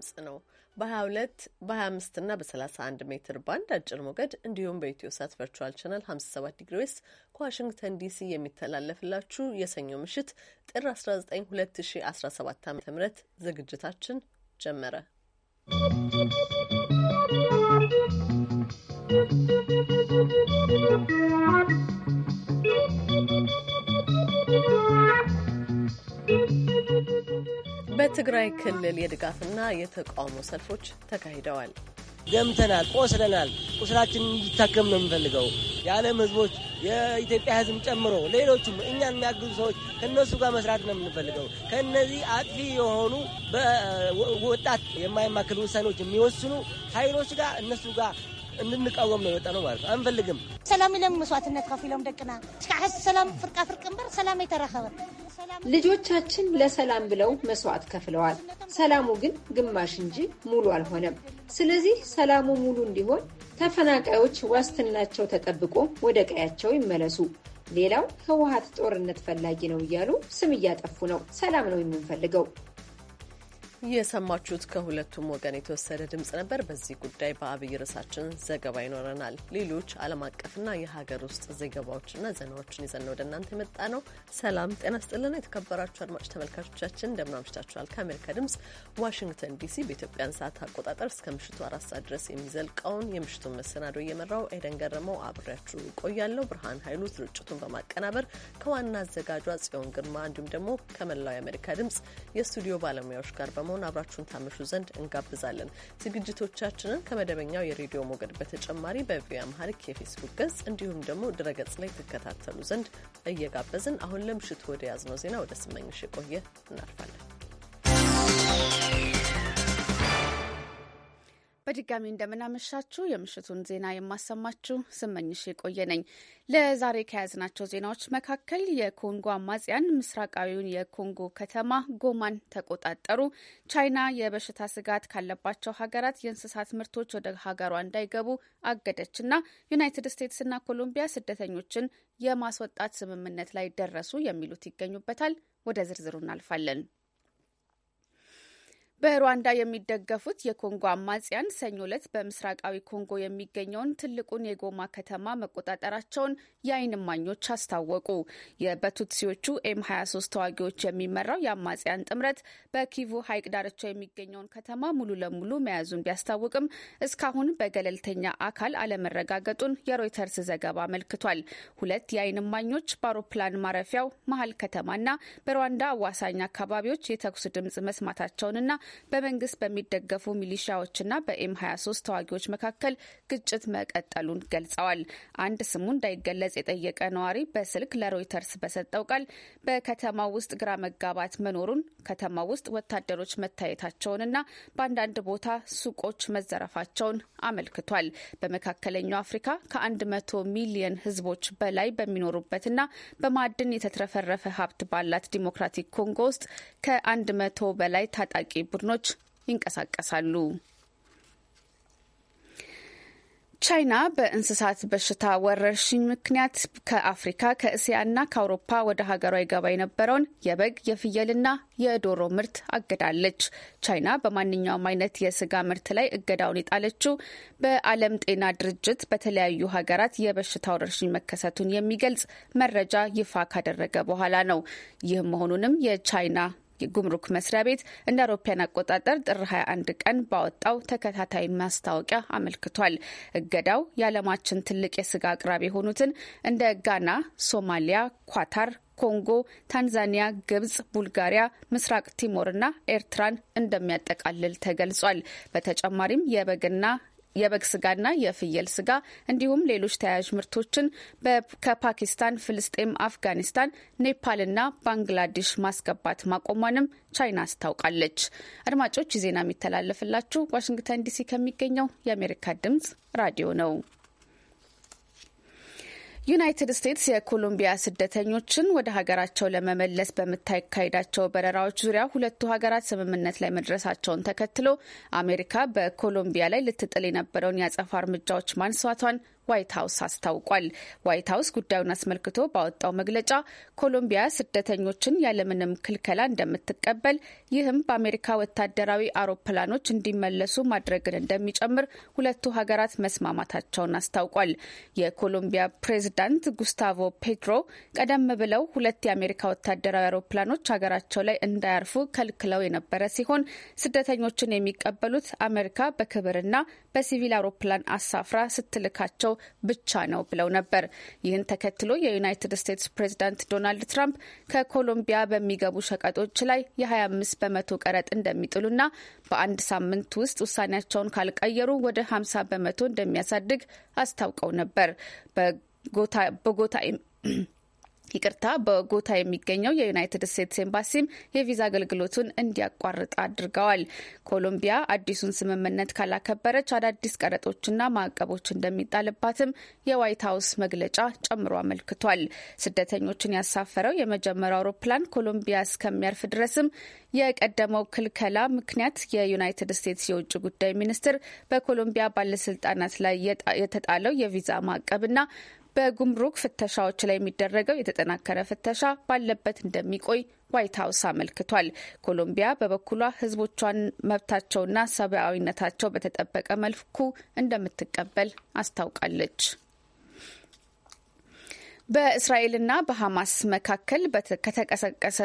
ድምፅ ነው። በ22 በ25 እና በ31 ሜትር ባንድ አጭር ሞገድ እንዲሁም በኢትዮ ሳት ቨርቹዋል ቻናል 57 ዲግሪ ዌስት ከዋሽንግተን ዲሲ የሚተላለፍላችሁ የሰኞ ምሽት ጥር 19 2017 ዓ ም ዝግጅታችን ጀመረ። ¶¶ በትግራይ ክልል የድጋፍና የተቃውሞ ሰልፎች ተካሂደዋል። ደምተናል፣ ቆስለናል። ቁስላችን እንዲታከም ነው የምንፈልገው። የዓለም ህዝቦች የኢትዮጵያ ህዝብ ጨምሮ ሌሎቹም እኛን የሚያግዙ ሰዎች ከእነሱ ጋር መስራት ነው የምንፈልገው። ከእነዚህ አጥፊ የሆኑ በወጣት የማይማክል ውሳኔዎች የሚወስኑ ኃይሎች ጋር እነሱ ጋር እንንቃወም ነው የወጣ ነው ማለት ነው። አንፈልግም። ሰላም ኢሎም መስዋዕትነት ከፊሎም ደቅና ሽካዕ ሰላም ፍርቃ ፍርቅ እምበር ሰላም የተረኸበ ልጆቻችን ለሰላም ብለው መስዋዕት ከፍለዋል። ሰላሙ ግን ግማሽ እንጂ ሙሉ አልሆነም። ስለዚህ ሰላሙ ሙሉ እንዲሆን ተፈናቃዮች ዋስትናቸው ተጠብቆ ወደ ቀያቸው ይመለሱ። ሌላው ህወሀት ጦርነት ፈላጊ ነው እያሉ ስም እያጠፉ ነው። ሰላም ነው የምንፈልገው። የሰማችሁት ከሁለቱም ወገን የተወሰደ ድምጽ ነበር። በዚህ ጉዳይ በአብይ ርዕሳችን ዘገባ ይኖረናል። ሌሎች ዓለም አቀፍና የሀገር ውስጥ ዘገባዎችና ዜናዎችን ይዘን ወደ እናንተ የመጣ ነው። ሰላም ጤና ስጥልን። የተከበራችሁ አድማጭ ተመልካቾቻችን እንደምን አምሽታችኋል? ከአሜሪካ ድምጽ ዋሽንግተን ዲሲ በኢትዮጵያን ሰዓት አቆጣጠር እስከ ምሽቱ አራት ሰዓት ድረስ የሚዘልቀውን የምሽቱን መሰናዶ እየመራው ኤደን ገረመው አብሬያችሁ ቆያለሁ። ብርሃን ኃይሉ ስርጭቱን በማቀናበር ከዋና አዘጋጇ ጽዮን ግርማ እንዲሁም ደግሞ ከመላው የአሜሪካ ድምጽ የስቱዲዮ ባለሙያዎች ጋር በማ በመሆን አብራችሁን ታመሹ ዘንድ እንጋብዛለን። ዝግጅቶቻችንን ከመደበኛው የሬዲዮ ሞገድ በተጨማሪ በቪ አምሃሪክ የፌስቡክ ገጽ እንዲሁም ደግሞ ድረገጽ ላይ ትከታተሉ ዘንድ እየጋበዝን አሁን ለምሽቱ ወደ ያዝነው ዜና ወደ ስመኝሽ የቆየ እናልፋለን። በድጋሚ እንደምናመሻችሁ የምሽቱን ዜና የማሰማችሁ ስመኝሽ የቆየ ነኝ። ለዛሬ ከያዝናቸው ዜናዎች መካከል የኮንጎ አማጽያን ምስራቃዊውን የኮንጎ ከተማ ጎማን ተቆጣጠሩ፣ ቻይና የበሽታ ስጋት ካለባቸው ሀገራት የእንስሳት ምርቶች ወደ ሀገሯ እንዳይገቡ አገደችና ዩናይትድ ስቴትስና ኮሎምቢያ ስደተኞችን የማስወጣት ስምምነት ላይ ደረሱ የሚሉት ይገኙበታል። ወደ ዝርዝሩ እናልፋለን። በሩዋንዳ የሚደገፉት የኮንጎ አማጽያን ሰኞ ዕለት በምስራቃዊ ኮንጎ የሚገኘውን ትልቁን የጎማ ከተማ መቆጣጠራቸውን የአይን እማኞች አስታወቁ። የበቱትሲዎቹ ኤም 23 ተዋጊዎች የሚመራው የአማጽያን ጥምረት በኪቩ ሐይቅ ዳርቻ የሚገኘውን ከተማ ሙሉ ለሙሉ መያዙን ቢያስታውቅም እስካሁን በገለልተኛ አካል አለመረጋገጡን የሮይተርስ ዘገባ አመልክቷል። ሁለት የአይን እማኞች በአውሮፕላን ማረፊያው መሀል ከተማና በሩዋንዳ አዋሳኝ አካባቢዎች የተኩስ ድምጽ መስማታቸውንና በመንግስት በሚደገፉ ሚሊሻዎችና በኤም 23 ተዋጊዎች መካከል ግጭት መቀጠሉን ገልጸዋል። አንድ ስሙ እንዳይገለጽ የጠየቀ ነዋሪ በስልክ ለሮይተርስ በሰጠው ቃል በከተማ ውስጥ ግራ መጋባት መኖሩን፣ ከተማ ውስጥ ወታደሮች መታየታቸውንና በአንዳንድ ቦታ ሱቆች መዘረፋቸውን አመልክቷል። በመካከለኛው አፍሪካ ከ100 ሚሊየን ህዝቦች በላይ በሚኖሩበትና በማዕድን የተትረፈረፈ ሀብት ባላት ዲሞክራቲክ ኮንጎ ውስጥ ከ100 በላይ ታጣቂ ቡድኖች ይንቀሳቀሳሉ። ቻይና በእንስሳት በሽታ ወረርሽኝ ምክንያት ከአፍሪካ ከእስያና ከአውሮፓ ወደ ሀገሯ ይገባ የነበረውን የበግ የፍየልና የዶሮ ምርት አግዳለች። ቻይና በማንኛውም አይነት የስጋ ምርት ላይ እገዳውን የጣለችው በዓለም ጤና ድርጅት በተለያዩ ሀገራት የበሽታ ወረርሽኝ መከሰቱን የሚገልጽ መረጃ ይፋ ካደረገ በኋላ ነው። ይህም መሆኑንም የቻይና የጉምሩክ መስሪያ ቤት እንደ አውሮፓያን አቆጣጠር ጥር 21 ቀን ባወጣው ተከታታይ ማስታወቂያ አመልክቷል። እገዳው የዓለማችን ትልቅ የስጋ አቅራቢ የሆኑትን እንደ ጋና፣ ሶማሊያ፣ ኳታር ኮንጎ፣ ታንዛኒያ፣ ግብጽ፣ ቡልጋሪያ፣ ምስራቅ ቲሞርና ኤርትራን እንደሚያጠቃልል ተገልጿል። በተጨማሪም የበግና የበግ ስጋና የፍየል ስጋ እንዲሁም ሌሎች ተያያዥ ምርቶችን ከፓኪስታን፣ ፍልስጤም፣ አፍጋኒስታን፣ ኔፓልና ባንግላዴሽ ማስገባት ማቆሟንም ቻይና አስታውቃለች። አድማጮች ዜና የሚተላለፍላችሁ ዋሽንግተን ዲሲ ከሚገኘው የአሜሪካ ድምጽ ራዲዮ ነው። ዩናይትድ ስቴትስ የኮሎምቢያ ስደተኞችን ወደ ሀገራቸው ለመመለስ በምታካሄዳቸው በረራዎች ዙሪያ ሁለቱ ሀገራት ስምምነት ላይ መድረሳቸውን ተከትሎ አሜሪካ በኮሎምቢያ ላይ ልትጥል የነበረውን የአጸፋ እርምጃዎች ማንሳቷን ዋይት ሀውስ አስታውቋል። ዋይት ሀውስ ጉዳዩን አስመልክቶ ባወጣው መግለጫ ኮሎምቢያ ስደተኞችን ያለምንም ክልከላ እንደምትቀበል ይህም በአሜሪካ ወታደራዊ አውሮፕላኖች እንዲመለሱ ማድረግን እንደሚጨምር ሁለቱ ሀገራት መስማማታቸውን አስታውቋል። የኮሎምቢያ ፕሬዝዳንት ጉስታቮ ፔድሮ ቀደም ብለው ሁለት የአሜሪካ ወታደራዊ አውሮፕላኖች ሀገራቸው ላይ እንዳያርፉ ከልክለው የነበረ ሲሆን ስደተኞችን የሚቀበሉት አሜሪካ በክብርና በሲቪል አውሮፕላን አሳፍራ ስትልካቸው ብቻ ነው ብለው ነበር። ይህን ተከትሎ የዩናይትድ ስቴትስ ፕሬዚዳንት ዶናልድ ትራምፕ ከኮሎምቢያ በሚገቡ ሸቀጦች ላይ የ25 በመቶ ቀረጥ እንደሚጥሉና በአንድ ሳምንት ውስጥ ውሳኔያቸውን ካልቀየሩ ወደ 50 በመቶ እንደሚያሳድግ አስታውቀው ነበር። በጎታ ይቅርታ በጎታ የሚገኘው የዩናይትድ ስቴትስ ኤምባሲም የቪዛ አገልግሎቱን እንዲያቋርጥ አድርገዋል። ኮሎምቢያ አዲሱን ስምምነት ካላከበረች አዳዲስ ቀረጦችና ማዕቀቦች እንደሚጣልባትም የዋይት ሀውስ መግለጫ ጨምሮ አመልክቷል። ስደተኞችን ያሳፈረው የመጀመሪያው አውሮፕላን ኮሎምቢያ እስከሚያርፍ ድረስም የቀደመው ክልከላ ምክንያት የዩናይትድ ስቴትስ የውጭ ጉዳይ ሚኒስትር በኮሎምቢያ ባለስልጣናት ላይ የተጣለው የቪዛ ማዕቀብና በጉምሩክ ፍተሻዎች ላይ የሚደረገው የተጠናከረ ፍተሻ ባለበት እንደሚቆይ ዋይት ሀውስ አመልክቷል። ኮሎምቢያ በበኩሏ ህዝቦቿን መብታቸውና ሰብአዊነታቸው በተጠበቀ መልኩ እንደምትቀበል አስታውቃለች። በእስራኤልና በሐማስ መካከል ከተቀሰቀሰ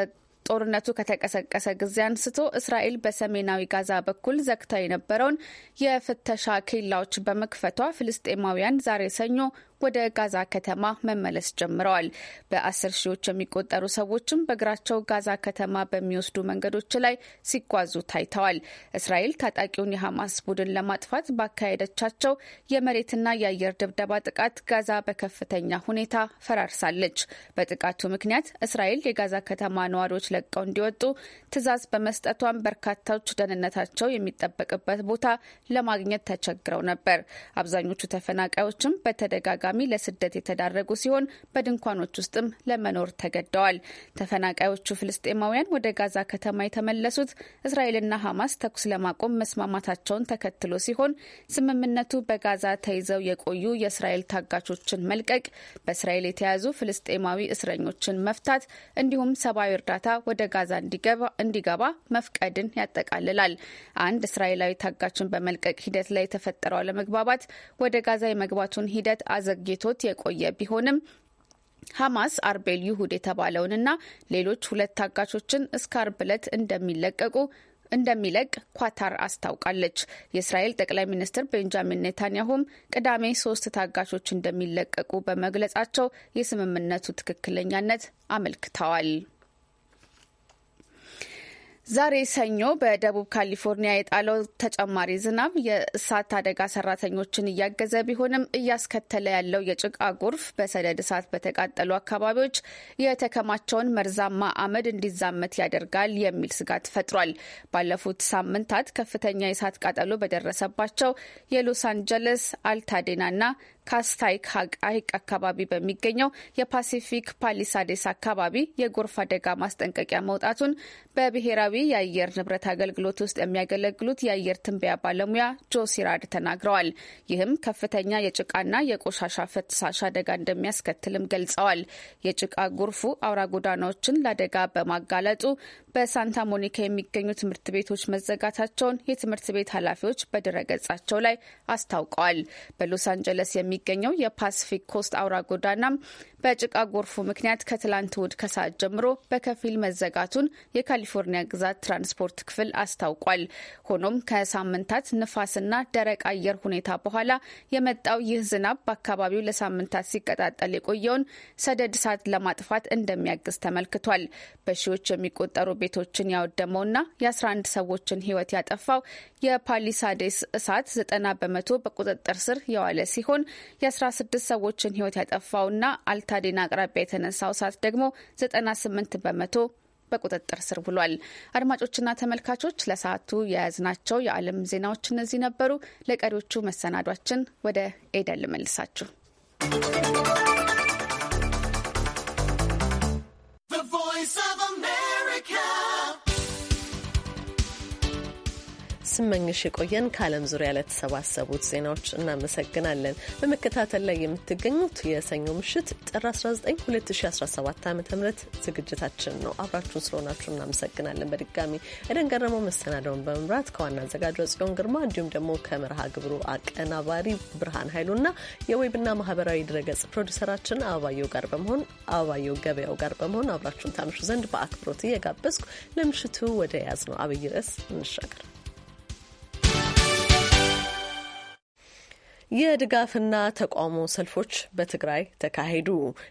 ጦርነቱ ከተቀሰቀሰ ጊዜ አንስቶ እስራኤል በሰሜናዊ ጋዛ በኩል ዘግታ የነበረውን የፍተሻ ኬላዎች በመክፈቷ ፍልስጤማውያን ዛሬ ሰኞ ወደ ጋዛ ከተማ መመለስ ጀምረዋል። በአስር ሺዎች የሚቆጠሩ ሰዎችም በእግራቸው ጋዛ ከተማ በሚወስዱ መንገዶች ላይ ሲጓዙ ታይተዋል። እስራኤል ታጣቂውን የሐማስ ቡድን ለማጥፋት ባካሄደቻቸው የመሬትና የአየር ድብደባ ጥቃት ጋዛ በከፍተኛ ሁኔታ ፈራርሳለች። በጥቃቱ ምክንያት እስራኤል የጋዛ ከተማ ነዋሪዎች ለቀው እንዲወጡ ትዕዛዝ በመስጠቷን በርካታዎች ደህንነታቸው የሚጠበቅበት ቦታ ለማግኘት ተቸግረው ነበር። አብዛኞቹ ተፈናቃዮችም በተደጋጋሚ በተደጋጋሚ ለስደት የተዳረጉ ሲሆን በድንኳኖች ውስጥም ለመኖር ተገደዋል። ተፈናቃዮቹ ፍልስጤማውያን ወደ ጋዛ ከተማ የተመለሱት እስራኤልና ሐማስ ተኩስ ለማቆም መስማማታቸውን ተከትሎ ሲሆን ስምምነቱ በጋዛ ተይዘው የቆዩ የእስራኤል ታጋቾችን መልቀቅ፣ በእስራኤል የተያዙ ፍልስጤማዊ እስረኞችን መፍታት እንዲሁም ሰብአዊ እርዳታ ወደ ጋዛ እንዲገባ መፍቀድን ያጠቃልላል። አንድ እስራኤላዊ ታጋችን በመልቀቅ ሂደት ላይ የተፈጠረው አለመግባባት ወደ ጋዛ የመግባቱን ሂደት አዘ ዘግይቶት የቆየ ቢሆንም ሐማስ አርቤል ይሁድ የተባለውንና ሌሎች ሁለት ታጋቾችን እስከ አርብ ዕለት እንደሚለቀቁ እንደሚለቅ ኳታር አስታውቃለች። የእስራኤል ጠቅላይ ሚኒስትር ቤንጃሚን ኔታንያሁም ቅዳሜ ሶስት ታጋቾች እንደሚለቀቁ በመግለጻቸው የስምምነቱ ትክክለኛነት አመልክተዋል። ዛሬ ሰኞ በደቡብ ካሊፎርኒያ የጣለው ተጨማሪ ዝናብ የእሳት አደጋ ሰራተኞችን እያገዘ ቢሆንም እያስከተለ ያለው የጭቃ ጎርፍ በሰደድ እሳት በተቃጠሉ አካባቢዎች የተከማቸውን መርዛማ አመድ እንዲዛመት ያደርጋል የሚል ስጋት ፈጥሯል። ባለፉት ሳምንታት ከፍተኛ የእሳት ቃጠሎ በደረሰባቸው የሎስ አንጀለስ፣ አልታዴና ና ካስታይክ ሀይቅ አካባቢ በሚገኘው የፓሲፊክ ፓሊሳዴስ አካባቢ የጎርፍ አደጋ ማስጠንቀቂያ መውጣቱን በብሔራዊ የአየር ንብረት አገልግሎት ውስጥ የሚያገለግሉት የአየር ትንበያ ባለሙያ ጆ ሲራድ ተናግረዋል። ይህም ከፍተኛ የጭቃና የቆሻሻ ፍሳሽ አደጋ እንደሚያስከትልም ገልጸዋል። የጭቃ ጎርፉ አውራ ጎዳናዎችን ለአደጋ በማጋለጡ በሳንታ ሞኒካ የሚገኙ ትምህርት ቤቶች መዘጋታቸውን የትምህርት ቤት ኃላፊዎች በድረገጻቸው ላይ አስታውቀዋል። በሎስ አንጀለስ የሚ የሚገኘው የፓሲፊክ ኮስት አውራ ጎዳና በጭቃ ጎርፉ ምክንያት ከትላንት እሁድ ከሰዓት ጀምሮ በከፊል መዘጋቱን የካሊፎርኒያ ግዛት ትራንስፖርት ክፍል አስታውቋል። ሆኖም ከሳምንታት ንፋስና ደረቅ አየር ሁኔታ በኋላ የመጣው ይህ ዝናብ በአካባቢው ለሳምንታት ሲቀጣጠል የቆየውን ሰደድ እሳት ለማጥፋት እንደሚያግዝ ተመልክቷል። በሺዎች የሚቆጠሩ ቤቶችን ያወደመውና የ11 ሰዎችን ሕይወት ያጠፋው የፓሊሳዴስ እሳት 90 በመቶ በቁጥጥር ስር የዋለ ሲሆን የ16 ሰዎችን ሕይወት ያጠፋውና አልታ በኦጋዴን አቅራቢያ የተነሳው እሳት ደግሞ 98 በመቶ በቁጥጥር ስር ውሏል። አድማጮችና ተመልካቾች ለሰዓቱ የያዝናቸው የዓለም ዜናዎች እነዚህ ነበሩ። ለቀሪዎቹ መሰናዷችን ወደ ኤደን ልመልሳችሁ። ስመኝሽ የቆየን ከዓለም ዙሪያ ለተሰባሰቡት ዜናዎች እናመሰግናለን። በመከታተል ላይ የምትገኙት የሰኞ ምሽት ጥር 19 2017 ዓ ም ዝግጅታችን ነው። አብራችሁን ስለሆናችሁ እናመሰግናለን። በድጋሚ ኤደን ገረመው መሰናደውን በመምራት ከዋና አዘጋጇ ጽዮን ግርማ እንዲሁም ደግሞ ከመርሃ ግብሩ አቀናባሪ ብርሃን ኃይሉና የዌብና ማህበራዊ ድረገጽ ፕሮዲሰራችን አበባየው ጋር በመሆን አበባየው ገበያው ጋር በመሆን አብራችሁን ታምሹ ዘንድ በአክብሮት እየጋበዝኩ ለምሽቱ ወደ ያዝ ነው አብይ ርዕስ እንሻገር። የድጋፍና ተቃውሞ ሰልፎች በትግራይ ተካሄዱ።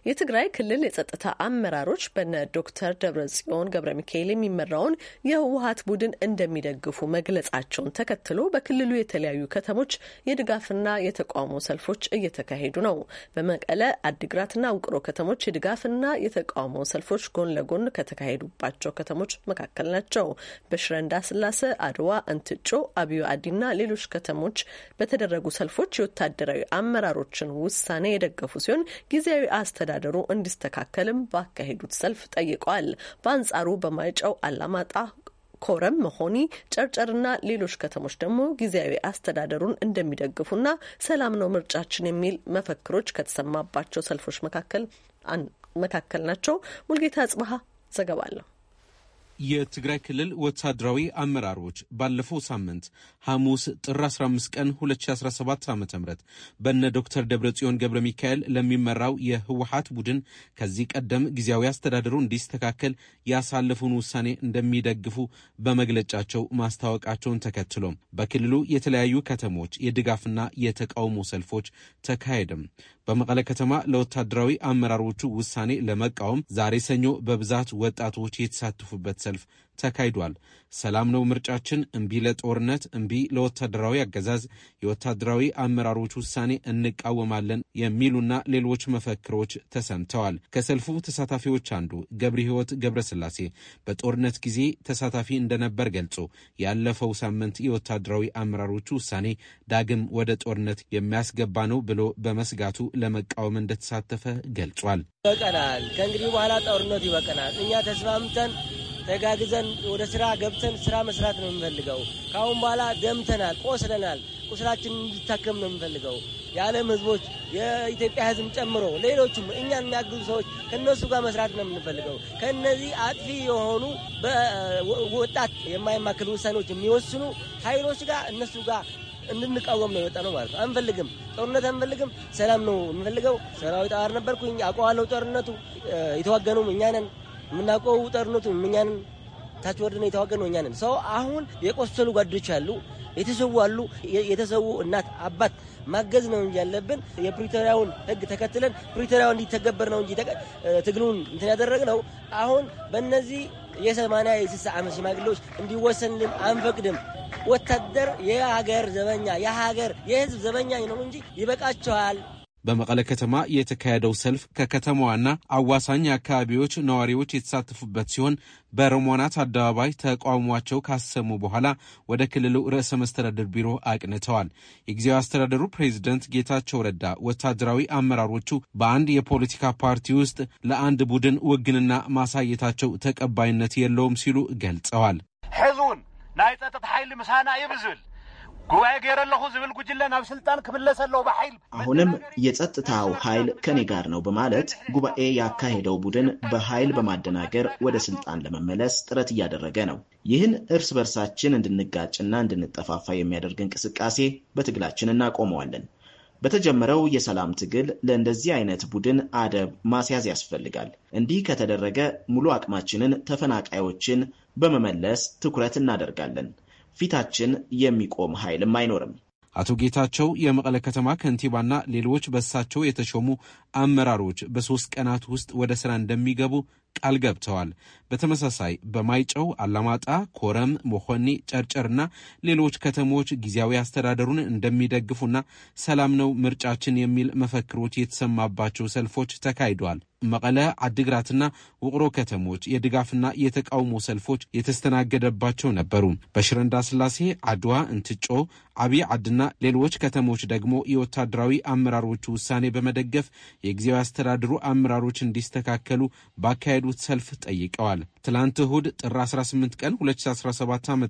የትግራይ ክልል የጸጥታ አመራሮች በነ ዶክተር ደብረጽዮን ገብረ ሚካኤል የሚመራውን የህወሀት ቡድን እንደሚደግፉ መግለጻቸውን ተከትሎ በክልሉ የተለያዩ ከተሞች የድጋፍና የተቃውሞ ሰልፎች እየተካሄዱ ነው። በመቀለ አዲግራትና ውቅሮ ከተሞች የድጋፍና የተቃውሞ ሰልፎች ጎን ለጎን ከተካሄዱባቸው ከተሞች መካከል ናቸው። በሽረንዳ ስላሴ አድዋ፣ እንትጮ፣ አብዮ አዲና ሌሎች ከተሞች በተደረጉ ሰልፎች የወታደራዊ አመራሮችን ውሳኔ የደገፉ ሲሆን ጊዜያዊ አስተዳደሩ እንዲስተካከልም ባካሄዱት ሰልፍ ጠይቀዋል። በአንጻሩ በማይጨው አላማጣ ኮረም መሆኒ ጨርጨርና ሌሎች ከተሞች ደግሞ ጊዜያዊ አስተዳደሩን እንደሚደግፉና ሰላም ነው ምርጫችን የሚል መፈክሮች ከተሰማባቸው ሰልፎች መካከል መካከል ናቸው። ሙልጌታ አጽብሃ ዘገባ የትግራይ ክልል ወታደራዊ አመራሮች ባለፈው ሳምንት ሐሙስ ጥር 15 ቀን 2017 ዓ ም በነ ዶክተር ደብረጽዮን ገብረ ሚካኤል ለሚመራው የህወሀት ቡድን ከዚህ ቀደም ጊዜያዊ አስተዳደሩ እንዲስተካከል ያሳለፉን ውሳኔ እንደሚደግፉ በመግለጫቸው ማስታወቃቸውን ተከትሎ በክልሉ የተለያዩ ከተሞች የድጋፍና የተቃውሞ ሰልፎች ተካሄደም። በመቀለ ከተማ ለወታደራዊ አመራሮቹ ውሳኔ ለመቃወም ዛሬ ሰኞ በብዛት ወጣቶች የተሳተፉበት ሰልፍ ተካሂዷል። ሰላም ነው ምርጫችን፣ እምቢ ለጦርነት፣ እምቢ ለወታደራዊ አገዛዝ፣ የወታደራዊ አመራሮች ውሳኔ እንቃወማለን የሚሉና ሌሎች መፈክሮች ተሰምተዋል። ከሰልፉ ተሳታፊዎች አንዱ ገብረ ሕይወት ገብረስላሴ በጦርነት ጊዜ ተሳታፊ እንደነበር ገልጾ ያለፈው ሳምንት የወታደራዊ አመራሮቹ ውሳኔ ዳግም ወደ ጦርነት የሚያስገባ ነው ብሎ በመስጋቱ ለመቃወም እንደተሳተፈ ገልጿል። ይበቀናል። ከእንግዲህ በኋላ ጦርነት ይበቀናል። እኛ ተስማምተን ተጋግዘን ወደ ስራ ገብተን ስራ መስራት ነው የምንፈልገው። ከአሁን በኋላ ደምተናል፣ ቆስለናል። ቁስላችን እንዲታከም ነው የምንፈልገው። የዓለም ህዝቦች የኢትዮጵያ ህዝብ ጨምሮ ሌሎችም እኛን የሚያግዙ ሰዎች ከእነሱ ጋር መስራት ነው የምንፈልገው። ከእነዚህ አጥፊ የሆኑ ወጣት የማይማክል ውሳኔዎች የሚወስኑ ኃይሎች ጋር እነሱ ጋር እንድንቃወም ነው የወጣ ነው ማለት ነው። አንፈልግም፣ ጦርነት አንፈልግም፣ ሰላም ነው የምንፈልገው። ሰራዊት አባል ነበርኩኝ፣ አውቀዋለሁ ጦርነቱ የተዋገኑም እኛ ነን። የምናውቀው ውጠርነት እኛንም ታች ወርድነ የተዋገ ነው እኛንም ሰው አሁን የቆሰሉ ጓዶች አሉ፣ የተሰዉ አሉ። የተሰዉ እናት አባት ማገዝ ነው እንጂ ያለብን የፕሪቶሪያውን ሕግ ተከትለን ፕሪቶሪያው እንዲተገበር ነው እንጂ ትግሉን እንትን ነው። አሁን በእነዚህ የሰማንያ የስልሳ ዓመት ሽማግሌዎች እንዲወሰንልን አንፈቅድም። ወታደር የሀገር ዘበኛ የሀገር የህዝብ ዘበኛ ነው እንጂ ይበቃቸዋል። በመቀለ ከተማ የተካሄደው ሰልፍ ከከተማዋና አዋሳኝ አካባቢዎች ነዋሪዎች የተሳተፉበት ሲሆን በሮሞናት አደባባይ ተቃውሟቸው ካሰሙ በኋላ ወደ ክልሉ ርዕሰ መስተዳድር ቢሮ አቅንተዋል። የጊዜው አስተዳደሩ ፕሬዚደንት ጌታቸው ረዳ ወታደራዊ አመራሮቹ በአንድ የፖለቲካ ፓርቲ ውስጥ ለአንድ ቡድን ውግንና ማሳየታቸው ተቀባይነት የለውም ሲሉ ገልጸዋል። ሕዙን ናይ ጸጥታ ኃይሊ ምሳና ይብዝብል ጉባኤ ገይረለኹ ዝብል ጉጅለ ናብ ስልጣን ክምለስ ኣለዎ ብሓይል አሁንም የጸጥታው ኃይል ከኔ ጋር ነው በማለት ጉባኤ ያካሄደው ቡድን በኃይል በማደናገር ወደ ስልጣን ለመመለስ ጥረት እያደረገ ነው። ይህን እርስ በርሳችን እንድንጋጭና እንድንጠፋፋ የሚያደርግ እንቅስቃሴ በትግላችን እናቆመዋለን። በተጀመረው የሰላም ትግል ለእንደዚህ አይነት ቡድን አደብ ማስያዝ ያስፈልጋል። እንዲህ ከተደረገ ሙሉ አቅማችንን ተፈናቃዮችን በመመለስ ትኩረት እናደርጋለን። ፊታችን የሚቆም ኃይልም አይኖርም። አቶ ጌታቸው የመቀለ ከተማ ከንቲባና ሌሎች በሳቸው የተሾሙ አመራሮች በሶስት ቀናት ውስጥ ወደ ስራ እንደሚገቡ ቃል ገብተዋል። በተመሳሳይ በማይጨው፣ አላማጣ፣ ኮረም፣ ሞኮኒ፣ ጨርጨርና ሌሎች ከተሞች ጊዜያዊ አስተዳደሩን እንደሚደግፉና ሰላም ነው ምርጫችን የሚል መፈክሮች የተሰማባቸው ሰልፎች ተካሂደዋል። መቀለ፣ አድግራትና ውቅሮ ከተሞች የድጋፍና የተቃውሞ ሰልፎች የተስተናገደባቸው ነበሩ። በሽረንዳ ስላሴ፣ አድዋ፣ እንትጮ፣ አብይ አድና ሌሎች ከተሞች ደግሞ የወታደራዊ አመራሮቹ ውሳኔ በመደገፍ የጊዜያዊ አስተዳደሩ አመራሮች እንዲስተካከሉ ባካሄዱት ሰልፍ ጠይቀዋል። ትላንት እሁድ ጥር 18 ቀን 2017 ዓ ም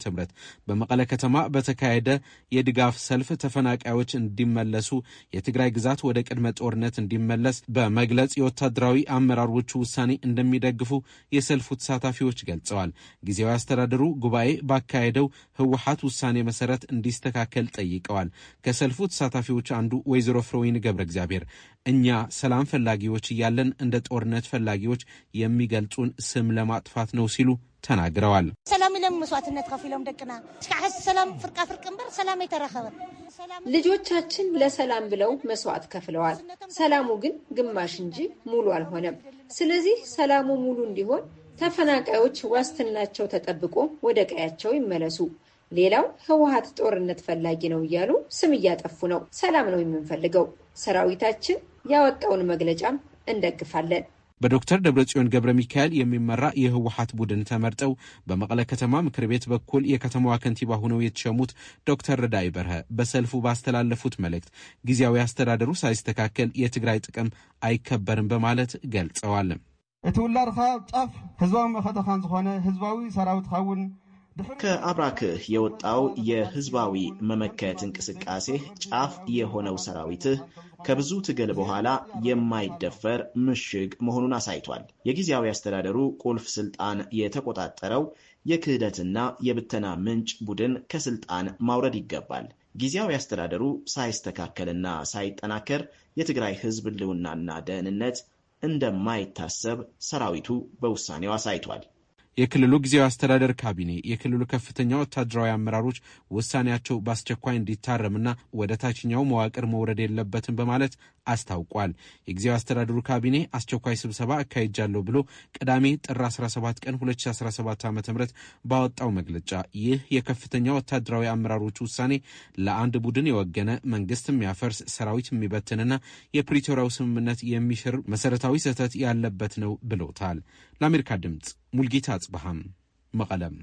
በመቀለ ከተማ በተካሄደ የድጋፍ ሰልፍ ተፈናቃዮች እንዲመለሱ የትግራይ ግዛት ወደ ቅድመ ጦርነት እንዲመለስ በመግለጽ የወታደራዊ አመራሮቹ ውሳኔ እንደሚደግፉ የሰልፉ ተሳታፊዎች ገልጸዋል። ጊዜያዊ አስተዳደሩ ጉባኤ ባካሄደው ህወሀት ውሳኔ መሰረት እንዲስተካከል ጠይቀዋል። ከሰልፉ ተሳታፊዎች አንዱ ወይዘሮ ፍሮዊን ገብረ እግዚአብሔር እኛ ሰላም ፈላጊዎች እያለን እንደ ጦርነት ፈላጊዎች የሚገልጹን ስም ለማጥፋት ነው ሲሉ ተናግረዋል። ሰላም ኢሎም መስዋዕትነት ከፊሎም ደቅና እስካዕ ሰላም ፍርቃ ፍርቅ እምበር ሰላም የተረኸበ ልጆቻችን ለሰላም ብለው መስዋዕት ከፍለዋል። ሰላሙ ግን ግማሽ እንጂ ሙሉ አልሆነም። ስለዚህ ሰላሙ ሙሉ እንዲሆን ተፈናቃዮች ዋስትናቸው ተጠብቆ ወደ ቀያቸው ይመለሱ። ሌላው ህወሀት ጦርነት ፈላጊ ነው እያሉ ስም እያጠፉ ነው። ሰላም ነው የምንፈልገው። ሰራዊታችን ያወጣውን መግለጫም እንደግፋለን። በዶክተር ደብረጽዮን ገብረ ሚካኤል የሚመራ የህወሀት ቡድን ተመርጠው በመቀለ ከተማ ምክር ቤት በኩል የከተማዋ ከንቲባ ሆነው የተሸሙት ዶክተር ረዳይ በርሀ በሰልፉ ባስተላለፉት መልእክት ጊዜያዊ አስተዳደሩ ሳይስተካከል የትግራይ ጥቅም አይከበርም በማለት ገልጸዋል። እቲ ውላድካ ጫፍ ህዝባዊ መኸተኻን ዝኾነ ህዝባዊ ሰራዊትካ እውን ከአብራክህ የወጣው የህዝባዊ መመከት እንቅስቃሴ ጫፍ የሆነው ሰራዊትህ ከብዙ ትግል በኋላ የማይደፈር ምሽግ መሆኑን አሳይቷል። የጊዜያዊ አስተዳደሩ ቁልፍ ስልጣን የተቆጣጠረው የክህደትና የብተና ምንጭ ቡድን ከስልጣን ማውረድ ይገባል። ጊዜያዊ አስተዳደሩ ሳይስተካከልና ሳይጠናከር የትግራይ ህዝብ ህልውናና ደህንነት እንደማይታሰብ ሰራዊቱ በውሳኔው አሳይቷል። የክልሉ ጊዜያዊ አስተዳደር ካቢኔ የክልሉ ከፍተኛ ወታደራዊ አመራሮች ውሳኔያቸው በአስቸኳይ እንዲታረምና ወደ ታችኛው መዋቅር መውረድ የለበትም በማለት አስታውቋል። የጊዜው አስተዳደሩ ካቢኔ አስቸኳይ ስብሰባ አካሄጃለሁ ብሎ ቅዳሜ ጥር 17 ቀን 2017 ዓ ም ባወጣው መግለጫ ይህ የከፍተኛ ወታደራዊ አመራሮች ውሳኔ ለአንድ ቡድን የወገነ መንግስት የሚያፈርስ ሰራዊት የሚበትንና የፕሪቶሪያው ስምምነት የሚሽር መሰረታዊ ስህተት ያለበት ነው ብሎታል። ለአሜሪካ ድምፅ ሙልጌታ አጽበሃም መቀለም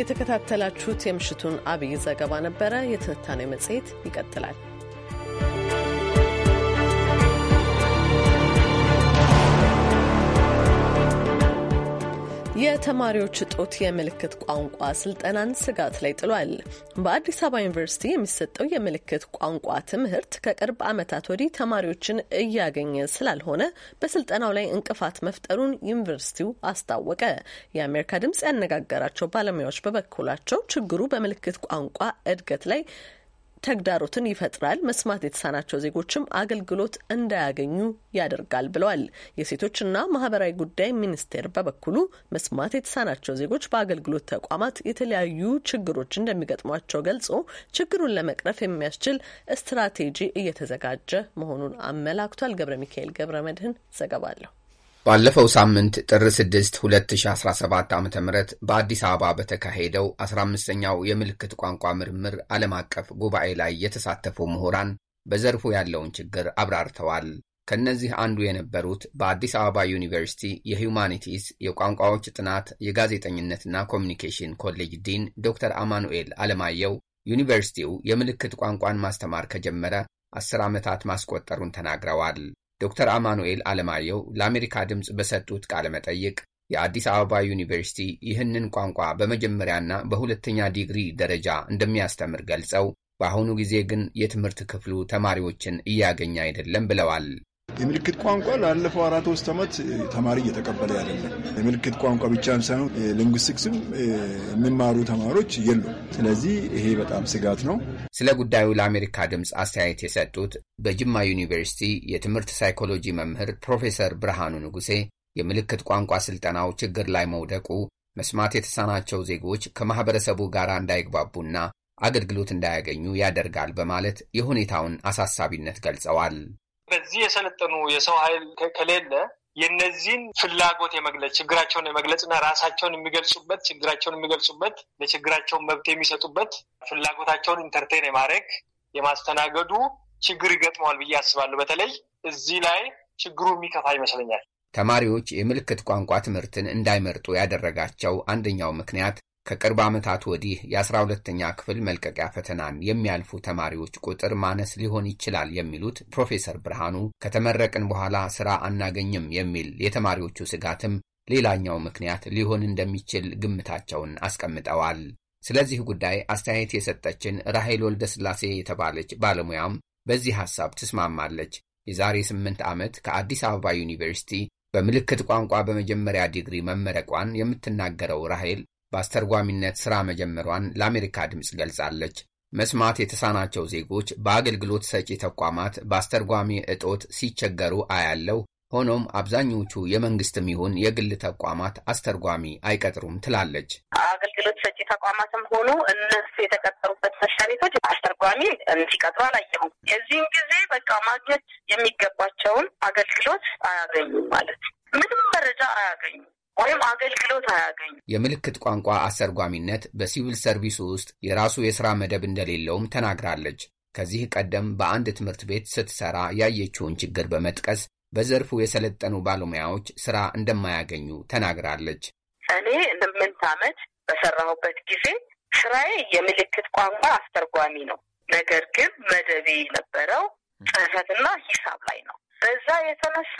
የተከታተላችሁት የምሽቱን አብይ ዘገባ ነበረ። የትንታኔ መጽሔት ይቀጥላል። የተማሪዎች እጦት የምልክት ቋንቋ ስልጠናን ስጋት ላይ ጥሏል። በአዲስ አበባ ዩኒቨርሲቲ የሚሰጠው የምልክት ቋንቋ ትምህርት ከቅርብ ዓመታት ወዲህ ተማሪዎችን እያገኘ ስላልሆነ በስልጠናው ላይ እንቅፋት መፍጠሩን ዩኒቨርሲቲው አስታወቀ። የአሜሪካ ድምጽ ያነጋገራቸው ባለሙያዎች በበኩላቸው ችግሩ በምልክት ቋንቋ እድገት ላይ ተግዳሮትን ይፈጥራል። መስማት የተሳናቸው ዜጎችም አገልግሎት እንዳያገኙ ያደርጋል ብለዋል። የሴቶችና ማህበራዊ ጉዳይ ሚኒስቴር በበኩሉ መስማት የተሳናቸው ዜጎች በአገልግሎት ተቋማት የተለያዩ ችግሮች እንደሚገጥሟቸው ገልጾ ችግሩን ለመቅረፍ የሚያስችል ስትራቴጂ እየተዘጋጀ መሆኑን አመላክቷል። ገብረ ሚካኤል ገብረ መድህን ዘገባለሁ። ባለፈው ሳምንት ጥር 6 2017 ዓ ም በአዲስ አበባ በተካሄደው 15ኛው የምልክት ቋንቋ ምርምር ዓለም አቀፍ ጉባኤ ላይ የተሳተፉ ምሁራን በዘርፉ ያለውን ችግር አብራርተዋል። ከእነዚህ አንዱ የነበሩት በአዲስ አበባ ዩኒቨርሲቲ የሂውማኒቲስ የቋንቋዎች ጥናት የጋዜጠኝነትና ኮሚኒኬሽን ኮሌጅ ዲን ዶክተር አማኑኤል አለማየሁ ዩኒቨርሲቲው የምልክት ቋንቋን ማስተማር ከጀመረ አስር ዓመታት ማስቆጠሩን ተናግረዋል። ዶክተር አማኑኤል አለማየሁ ለአሜሪካ ድምፅ በሰጡት ቃለ መጠይቅ የአዲስ አበባ ዩኒቨርሲቲ ይህንን ቋንቋ በመጀመሪያና በሁለተኛ ዲግሪ ደረጃ እንደሚያስተምር ገልጸው በአሁኑ ጊዜ ግን የትምህርት ክፍሉ ተማሪዎችን እያገኘ አይደለም ብለዋል። የምልክት ቋንቋ ላለፈው አራት ወስት ዓመት ተማሪ እየተቀበለ አይደለም። የምልክት ቋንቋ ብቻም ሳይሆን ሊንጉስቲክስም የሚማሩ ተማሪዎች የሉም። ስለዚህ ይሄ በጣም ስጋት ነው። ስለ ጉዳዩ ለአሜሪካ ድምፅ አስተያየት የሰጡት በጅማ ዩኒቨርሲቲ የትምህርት ሳይኮሎጂ መምህር ፕሮፌሰር ብርሃኑ ንጉሴ የምልክት ቋንቋ ስልጠናው ችግር ላይ መውደቁ መስማት የተሳናቸው ዜጎች ከማህበረሰቡ ጋር እንዳይግባቡና አገልግሎት እንዳያገኙ ያደርጋል በማለት የሁኔታውን አሳሳቢነት ገልጸዋል። በዚህ የሰለጠኑ የሰው ኃይል ከሌለ የነዚህን ፍላጎት የመግለጽ ችግራቸውን የመግለጽና ራሳቸውን የሚገልጹበት ችግራቸውን የሚገልጹበት ለችግራቸው መብት የሚሰጡበት ፍላጎታቸውን ኢንተርቴን የማድረግ የማስተናገዱ ችግር ይገጥመዋል ብዬ አስባለሁ። በተለይ እዚህ ላይ ችግሩ የሚከፋ ይመስለኛል። ተማሪዎች የምልክት ቋንቋ ትምህርትን እንዳይመርጡ ያደረጋቸው አንደኛው ምክንያት ከቅርብ ዓመታት ወዲህ የአስራ ሁለተኛ ክፍል መልቀቂያ ፈተናን የሚያልፉ ተማሪዎች ቁጥር ማነስ ሊሆን ይችላል የሚሉት ፕሮፌሰር ብርሃኑ ከተመረቅን በኋላ ሥራ አናገኝም የሚል የተማሪዎቹ ስጋትም ሌላኛው ምክንያት ሊሆን እንደሚችል ግምታቸውን አስቀምጠዋል። ስለዚህ ጉዳይ አስተያየት የሰጠችን ራሄል ወልደ ስላሴ የተባለች ባለሙያም በዚህ ሐሳብ ትስማማለች። የዛሬ ስምንት ዓመት ከአዲስ አበባ ዩኒቨርሲቲ በምልክት ቋንቋ በመጀመሪያ ዲግሪ መመረቋን የምትናገረው ራሄል በአስተርጓሚነት ሥራ መጀመሯን ለአሜሪካ ድምፅ ገልጻለች። መስማት የተሳናቸው ዜጎች በአገልግሎት ሰጪ ተቋማት በአስተርጓሚ እጦት ሲቸገሩ አያለው። ሆኖም አብዛኞቹ የመንግስትም ይሁን የግል ተቋማት አስተርጓሚ አይቀጥሩም ትላለች። አገልግሎት ሰጪ ተቋማትም ሆኑ እነሱ የተቀጠሩበት መስሪያ ቤቶች አስተርጓሚ እንዲቀጥሩ አላየሁም። የዚህም ጊዜ በቃ ማግኘት የሚገባቸውን አገልግሎት አያገኙም ማለት ምንም መረጃ አያገኙም። ወይም አገልግሎት አያገኙ። የምልክት ቋንቋ አሰርጓሚነት በሲቪል ሰርቪስ ውስጥ የራሱ የሥራ መደብ እንደሌለውም ተናግራለች። ከዚህ ቀደም በአንድ ትምህርት ቤት ስትሰራ ያየችውን ችግር በመጥቀስ በዘርፉ የሰለጠኑ ባለሙያዎች ስራ እንደማያገኙ ተናግራለች። እኔ ስምንት ዓመት በሰራሁበት ጊዜ ስራዬ የምልክት ቋንቋ አስተርጓሚ ነው። ነገር ግን መደቤ የነበረው ጽህፈትና ሂሳብ ላይ ነው። በዛ የተነሳ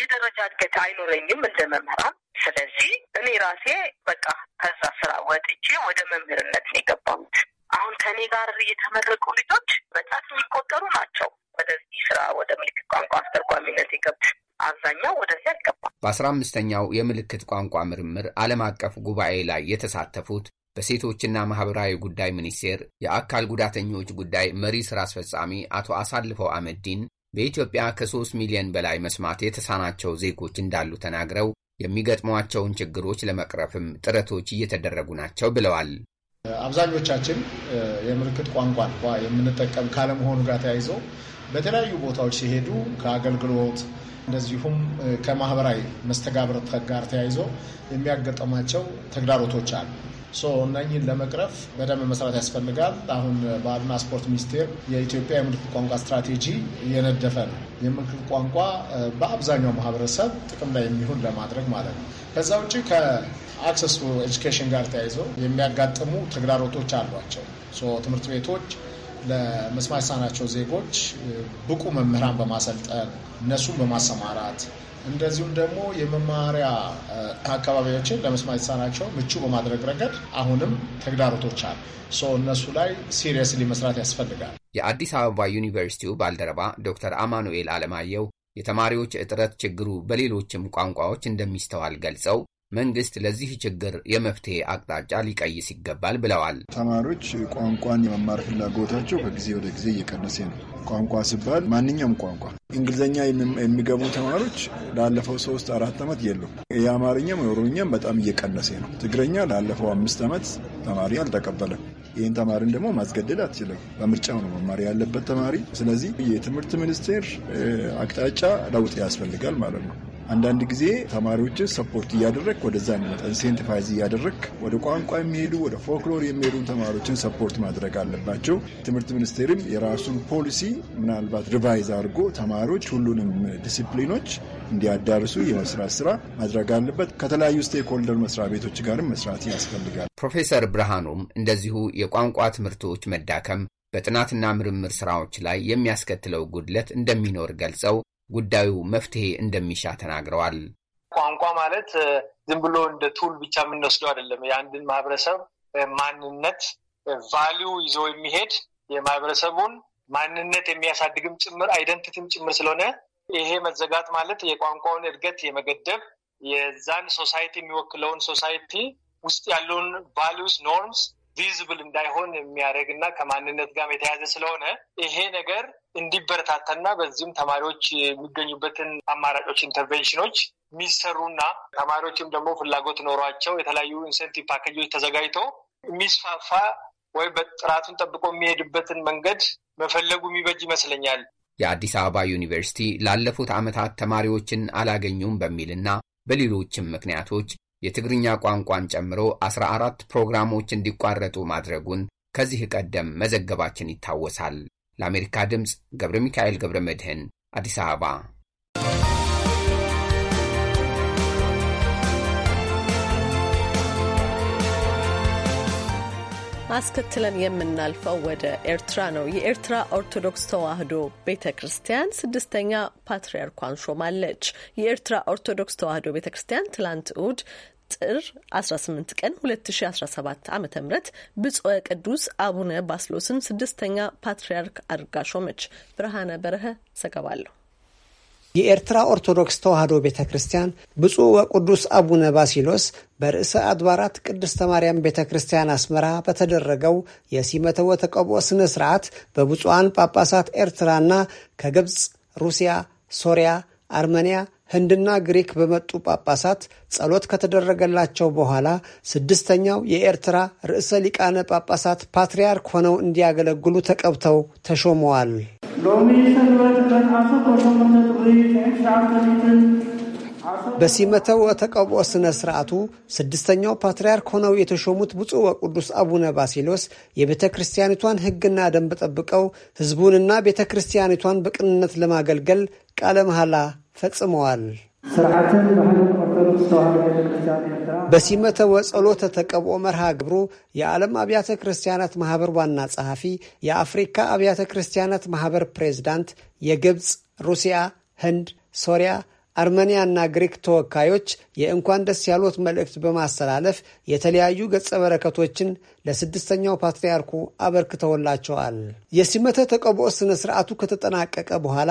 የደረጃ እድገት አይኖረኝም እንደ መምህራን። ስለዚህ እኔ ራሴ በቃ ከዛ ስራ ወጥቼ ወደ መምህርነት ነው የገባሁት። አሁን ከኔ ጋር የተመረቁ ልጆች በጣት የሚቆጠሩ ናቸው። ወደዚህ ስራ ወደ ምልክት ቋንቋ አስተርጓሚነት የገቡት አብዛኛው ወደዚህ አልገባም። በአስራ አምስተኛው የምልክት ቋንቋ ምርምር ዓለም አቀፍ ጉባኤ ላይ የተሳተፉት በሴቶችና ማህበራዊ ጉዳይ ሚኒስቴር የአካል ጉዳተኞች ጉዳይ መሪ ስራ አስፈጻሚ አቶ አሳልፈው አመዲን በኢትዮጵያ ከ3 ሚሊዮን በላይ መስማት የተሳናቸው ዜጎች እንዳሉ ተናግረው የሚገጥሟቸውን ችግሮች ለመቅረፍም ጥረቶች እየተደረጉ ናቸው ብለዋል። አብዛኞቻችን የምልክት ቋንቋ እንኳ የምንጠቀም ካለመሆኑ ጋር ተያይዞ በተለያዩ ቦታዎች ሲሄዱ ከአገልግሎት እንደዚሁም ከማህበራዊ መስተጋብር ጋር ተያይዞ የሚያጋጥማቸው ተግዳሮቶች አሉ። እነኝን ለመቅረፍ በደንብ መስራት ያስፈልጋል። አሁን ባህልና ስፖርት ሚኒስቴር የኢትዮጵያ የምልክት ቋንቋ ስትራቴጂ እየነደፈ ነው። የምልክት ቋንቋ በአብዛኛው ማህበረሰብ ጥቅም ላይ የሚሆን ለማድረግ ማለት ነው። ከዛ ውጭ ከአክሰስ ኤጁኬሽን ጋር ተያይዘው የሚያጋጥሙ ተግዳሮቶች አሏቸው። ትምህርት ቤቶች ለመስማት የተሳናቸው ዜጎች ብቁ መምህራን በማሰልጠን እነሱን በማሰማራት እንደዚሁም ደግሞ የመማሪያ አካባቢዎችን ለመስማት የተሳናቸው ምቹ በማድረግ ረገድ አሁንም ተግዳሮቶች አሉ። እነሱ ላይ ሲሪየስሊ መስራት ያስፈልጋል። የአዲስ አበባ ዩኒቨርሲቲው ባልደረባ ዶክተር አማኑኤል አለማየሁ የተማሪዎች እጥረት ችግሩ በሌሎችም ቋንቋዎች እንደሚስተዋል ገልጸው መንግስት ለዚህ ችግር የመፍትሄ አቅጣጫ ሊቀይስ ይገባል ብለዋል። ተማሪዎች ቋንቋን የመማር ፍላጎታቸው ከጊዜ ወደ ጊዜ እየቀነሰ ነው። ቋንቋ ሲባል ማንኛውም ቋንቋ እንግሊዝኛ የሚገቡ ተማሪዎች ላለፈው ሶስት አራት ዓመት የሉም። የአማርኛም የኦሮምኛም በጣም እየቀነሰ ነው። ትግረኛ ላለፈው አምስት ዓመት ተማሪ አልተቀበለም። ይህን ተማሪን ደግሞ ማስገደድ አትችልም። በምርጫው ነው መማር ያለበት ተማሪ። ስለዚህ የትምህርት ሚኒስቴር አቅጣጫ ለውጥ ያስፈልጋል ማለት ነው። አንዳንድ ጊዜ ተማሪዎች ሰፖርት እያደረግ ወደዛ እንመጣ ሴንቲፋይዝ እያደረግ ወደ ቋንቋ የሚሄዱ ወደ ፎክሎር የሚሄዱ ተማሪዎችን ሰፖርት ማድረግ አለባቸው። ትምህርት ሚኒስቴርም የራሱን ፖሊሲ ምናልባት ሪቫይዝ አድርጎ ተማሪዎች ሁሉንም ዲሲፕሊኖች እንዲያዳርሱ የመስራት ስራ ማድረግ አለበት። ከተለያዩ ስቴክሆልደር መስሪያ ቤቶች ጋርም መስራት ያስፈልጋል። ፕሮፌሰር ብርሃኑም እንደዚሁ የቋንቋ ትምህርቶች መዳከም በጥናትና ምርምር ስራዎች ላይ የሚያስከትለው ጉድለት እንደሚኖር ገልጸው ጉዳዩ መፍትሄ እንደሚሻ ተናግረዋል። ቋንቋ ማለት ዝም ብሎ እንደ ቱል ብቻ የምንወስደው አይደለም። የአንድን ማህበረሰብ ማንነት ቫሊዩ ይዞ የሚሄድ የማህበረሰቡን ማንነት የሚያሳድግም ጭምር አይደንቲቲም ጭምር ስለሆነ ይሄ መዘጋት ማለት የቋንቋውን እድገት የመገደብ የዛን ሶሳይቲ የሚወክለውን ሶሳይቲ ውስጥ ያለውን ቫሊዩስ ኖርምስ ቪዝብል እንዳይሆን የሚያደርግ እና ከማንነት ጋር የተያዘ ስለሆነ ይሄ ነገር እንዲበረታታና በዚህም ተማሪዎች የሚገኙበትን አማራጮች ኢንተርቬንሽኖች የሚሰሩና ተማሪዎችም ደግሞ ፍላጎት ኖሯቸው የተለያዩ ኢንሴንቲቭ ፓኬጆች ተዘጋጅቶ የሚስፋፋ ወይም በጥራቱን ጠብቆ የሚሄድበትን መንገድ መፈለጉ የሚበጅ ይመስለኛል። የአዲስ አበባ ዩኒቨርሲቲ ላለፉት ዓመታት ተማሪዎችን አላገኙም በሚልና በሌሎችም ምክንያቶች የትግርኛ ቋንቋን ጨምሮ 14 ፕሮግራሞች እንዲቋረጡ ማድረጉን ከዚህ ቀደም መዘገባችን ይታወሳል። ለአሜሪካ ድምፅ ገብረ ሚካኤል ገብረ መድህን አዲስ አበባ አስከትለን የምናልፈው ወደ ኤርትራ ነው። የኤርትራ ኦርቶዶክስ ተዋህዶ ቤተ ክርስቲያን ስድስተኛ ፓትርያርኳን ሾማለች። የኤርትራ ኦርቶዶክስ ተዋህዶ ቤተ ክርስቲያን ትላንት እሁድ ጥር 18 ቀን 2017 ዓ ም ብፁዕ ቅዱስ አቡነ ባስሎስን ስድስተኛ ፓትርያርክ አድርጋ ሾመች። ብርሃነ በረሀ ዘገባለሁ። የኤርትራ ኦርቶዶክስ ተዋሕዶ ቤተ ክርስቲያን ብፁዕ ወቅዱስ አቡነ ባሲሎስ በርዕሰ አድባራት ቅድስተ ማርያም ቤተ ክርስቲያን አስመራ በተደረገው የሲመተወ ተቀብኦ ስነ ስርዓት በብፁዓን ጳጳሳት ኤርትራና ከግብፅ፣ ሩሲያ፣ ሶሪያ፣ አርመንያ ህንድና ግሪክ በመጡ ጳጳሳት ጸሎት ከተደረገላቸው በኋላ ስድስተኛው የኤርትራ ርዕሰ ሊቃነ ጳጳሳት ፓትርያርክ ሆነው እንዲያገለግሉ ተቀብተው ተሾመዋል። በሲመተው ተቀብኦ ስነ ስርዓቱ ስድስተኛው ፓትርያርክ ሆነው የተሾሙት ብፁዕ ወቅዱስ አቡነ ባሲሎስ የቤተ ክርስቲያኒቷን ሕግና ደንብ ጠብቀው ሕዝቡንና ቤተ ክርስቲያኒቷን በቅንነት ለማገልገል ቃለ መሐላ ፈጽመዋል። ስርዓትን ባህልን ኦርቶዶክስ ተዋህዶ ቤተክርስቲያን ኤርትራ በሲመተ ወጸሎተ ተቀብኦ መርሃ ግብሩ የዓለም አብያተ ክርስቲያናት ማህበር ዋና ጸሐፊ፣ የአፍሪካ አብያተ ክርስቲያናት ማህበር ፕሬዝዳንት፣ የግብፅ፣ ሩሲያ፣ ህንድ፣ ሶሪያ አርመኒያና ግሪክ ተወካዮች የእንኳን ደስ ያሎት መልእክት በማስተላለፍ የተለያዩ ገጸ በረከቶችን ለስድስተኛው ፓትርያርኩ አበርክተውላቸዋል። የሲመተ ተቀብኦ ስነ ስርዓቱ ከተጠናቀቀ በኋላ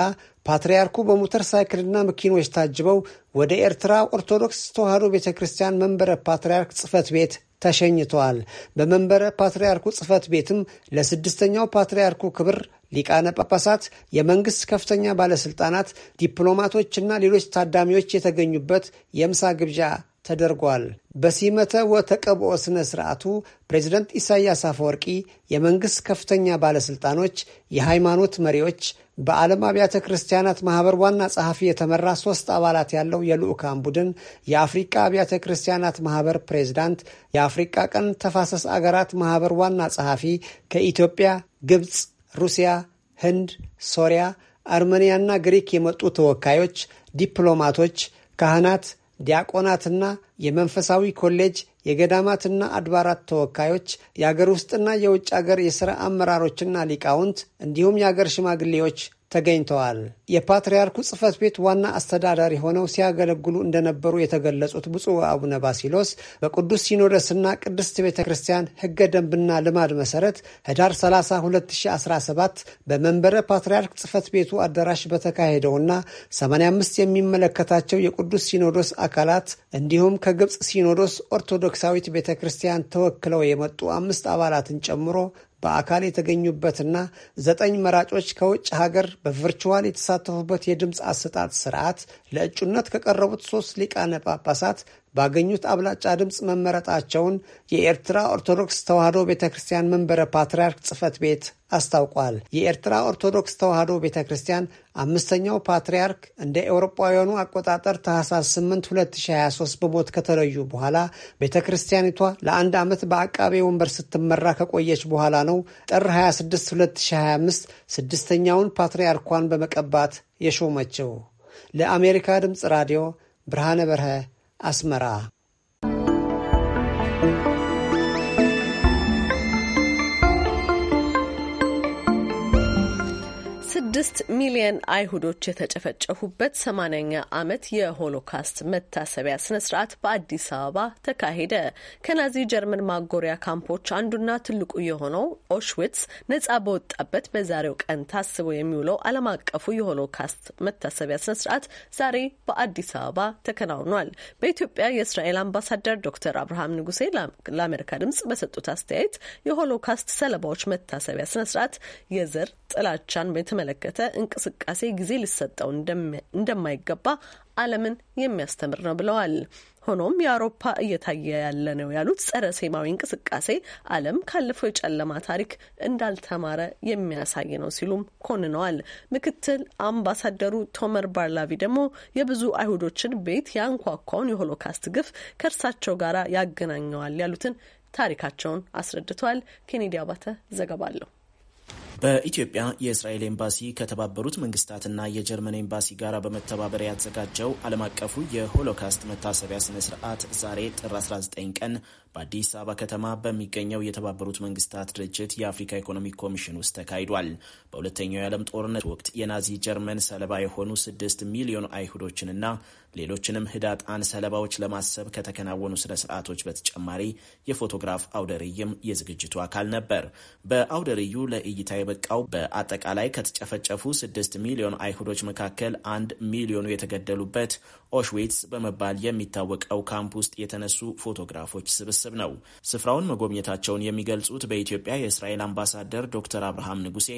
ፓትርያርኩ በሞተር ሳይክልና መኪኖች ታጅበው ወደ ኤርትራ ኦርቶዶክስ ተዋህዶ ቤተ ክርስቲያን መንበረ ፓትርያርክ ጽፈት ቤት ተሸኝተዋል። በመንበረ ፓትርያርኩ ጽፈት ቤትም ለስድስተኛው ፓትርያርኩ ክብር ሊቃነ ጳጳሳት፣ የመንግስት ከፍተኛ ባለስልጣናት፣ ዲፕሎማቶችና ሌሎች ታዳሚዎች የተገኙበት የምሳ ግብዣ ተደርጓል። በሲመተ ወተቀብኦ ስነ ስርዓቱ ፕሬዚደንት ኢሳያስ አፈወርቂ፣ የመንግስት ከፍተኛ ባለስልጣኖች፣ የሃይማኖት መሪዎች፣ በዓለም አብያተ ክርስቲያናት ማኅበር ዋና ጸሐፊ የተመራ ሦስት አባላት ያለው የልዑካን ቡድን፣ የአፍሪቃ አብያተ ክርስቲያናት ማኅበር ፕሬዝዳንት፣ የአፍሪቃ ቀን ተፋሰስ አገራት ማኅበር ዋና ጸሐፊ ከኢትዮጵያ፣ ግብፅ ሩሲያ፣ ህንድ፣ ሶሪያ፣ አርሜንያና ግሪክ የመጡ ተወካዮች፣ ዲፕሎማቶች፣ ካህናት፣ ዲያቆናትና የመንፈሳዊ ኮሌጅ የገዳማትና አድባራት ተወካዮች፣ የአገር ውስጥና የውጭ አገር የሥራ አመራሮችና ሊቃውንት እንዲሁም የአገር ሽማግሌዎች ተገኝተዋል። የፓትርያርኩ ጽህፈት ቤት ዋና አስተዳዳሪ ሆነው ሲያገለግሉ እንደነበሩ የተገለጹት ብፁዕ አቡነ ባሲሎስ በቅዱስ ሲኖዶስና ቅድስት ቤተ ክርስቲያን ህገ ደንብና ልማድ መሰረት ህዳር 30 2017 በመንበረ ፓትርያርክ ጽፈት ቤቱ አዳራሽ በተካሄደውና 85 የሚመለከታቸው የቅዱስ ሲኖዶስ አካላት እንዲሁም ከግብፅ ሲኖዶስ ኦርቶዶክሳዊት ቤተ ክርስቲያን ተወክለው የመጡ አምስት አባላትን ጨምሮ በአካል የተገኙበትና ዘጠኝ መራጮች ከውጭ ሀገር በቨርቹዋል የተሳተፉበት የድምፅ አሰጣጥ ስርዓት ለእጩነት ከቀረቡት ሶስት ሊቃነ ጳጳሳት ባገኙት አብላጫ ድምፅ መመረጣቸውን የኤርትራ ኦርቶዶክስ ተዋሕዶ ቤተ ክርስቲያን መንበረ ፓትርያርክ ጽህፈት ቤት አስታውቋል። የኤርትራ ኦርቶዶክስ ተዋሕዶ ቤተ ክርስቲያን አምስተኛው ፓትርያርክ እንደ ኤውሮጳውያኑ አቆጣጠር ታህሳስ 8 2023 በሞት ከተለዩ በኋላ ቤተ ክርስቲያኒቷ ለአንድ ዓመት በአቃቤ ወንበር ስትመራ ከቆየች በኋላ ነው ጥር 26 2025 ስድስተኛውን ፓትርያርኳን በመቀባት የሾመችው። ለአሜሪካ ድምፅ ራዲዮ ብርሃነ በርሀ አስመራ ስድስት ሚሊየን አይሁዶች የተጨፈጨፉበት ሰማንያኛ ዓመት የሆሎካስት መታሰቢያ ስነ ስርዓት በአዲስ አበባ ተካሄደ። ከናዚ ጀርመን ማጎሪያ ካምፖች አንዱና ትልቁ የሆነው ኦሽዊትስ ነጻ በወጣበት በዛሬው ቀን ታስቦ የሚውለው ዓለም አቀፉ የሆሎካስት መታሰቢያ ስነ ስርዓት ዛሬ በአዲስ አበባ ተከናውኗል። በኢትዮጵያ የእስራኤል አምባሳደር ዶክተር አብርሃም ንጉሴ ለአሜሪካ ድምጽ በሰጡት አስተያየት የሆሎካስት ሰለባዎች መታሰቢያ ስነ ስርዓት የዘር ጥላቻን በተመለከተ የተበረከተ እንቅስቃሴ ጊዜ ሊሰጠው እንደማይገባ ዓለምን የሚያስተምር ነው ብለዋል። ሆኖም የአውሮፓ እየታየ ያለ ነው ያሉት ጸረ ሴማዊ እንቅስቃሴ ዓለም ካለፈው የጨለማ ታሪክ እንዳልተማረ የሚያሳይ ነው ሲሉም ኮንነዋል። ምክትል አምባሳደሩ ቶመር ባርላቪ ደግሞ የብዙ አይሁዶችን ቤት ያንኳኳውን የሆሎካስት ግፍ ከእርሳቸው ጋር ያገናኘዋል ያሉትን ታሪካቸውን አስረድተዋል። ኬኔዲ አባተ ዘገባ አለው። በኢትዮጵያ የእስራኤል ኤምባሲ ከተባበሩት መንግስታትና የጀርመን ኤምባሲ ጋር በመተባበር ያዘጋጀው ዓለም አቀፉ የሆሎካስት መታሰቢያ ስነ ስርዓት ዛሬ ጥር 19 ቀን በአዲስ አበባ ከተማ በሚገኘው የተባበሩት መንግስታት ድርጅት የአፍሪካ ኢኮኖሚክ ኮሚሽን ውስጥ ተካሂዷል። በሁለተኛው የዓለም ጦርነት ወቅት የናዚ ጀርመን ሰለባ የሆኑ ስድስት ሚሊዮን አይሁዶችንና ሌሎችንም ህዳጣን ሰለባዎች ለማሰብ ከተከናወኑ ስነ ስርዓቶች በተጨማሪ የፎቶግራፍ አውደርይም የዝግጅቱ አካል ነበር። በአውደርዩ ለእይታ የበቃው በአጠቃላይ ከተጨፈጨፉ ስድስት ሚሊዮን አይሁዶች መካከል አንድ ሚሊዮኑ የተገደሉበት ኦሽዊትስ በመባል የሚታወቀው ካምፕ ውስጥ የተነሱ ፎቶግራፎች ስብስብ የሚያሳስብ ነው። ስፍራውን መጎብኘታቸውን የሚገልጹት በኢትዮጵያ የእስራኤል አምባሳደር ዶክተር አብርሃም ንጉሴ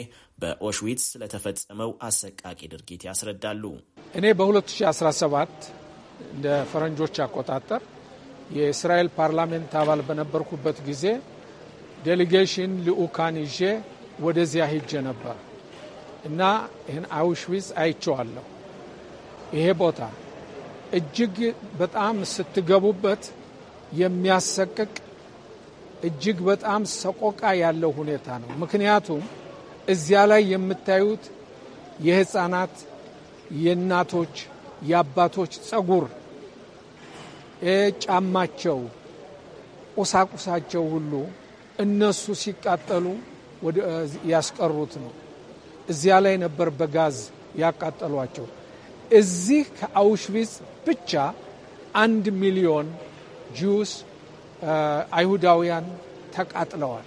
በኦሽዊትስ ስለተፈጸመው አሰቃቂ ድርጊት ያስረዳሉ። እኔ በ2017 እንደ ፈረንጆች አቆጣጠር የእስራኤል ፓርላሜንት አባል በነበርኩበት ጊዜ ዴሊጌሽን ልኡካን ይዤ ወደዚያ ሂጄ ነበር እና ይህን አውሽዊዝ አይቼዋለሁ። ይሄ ቦታ እጅግ በጣም ስትገቡበት የሚያሰቅቅ እጅግ በጣም ሰቆቃ ያለው ሁኔታ ነው። ምክንያቱም እዚያ ላይ የምታዩት የህፃናት፣ የእናቶች፣ የአባቶች ጸጉር፣ ጫማቸው፣ ቁሳቁሳቸው ሁሉ እነሱ ሲቃጠሉ ያስቀሩት ነው። እዚያ ላይ ነበር በጋዝ ያቃጠሏቸው። እዚህ ከአውሽቪጽ ብቻ አንድ ሚሊዮን ጁስ አይሁዳውያን ተቃጥለዋል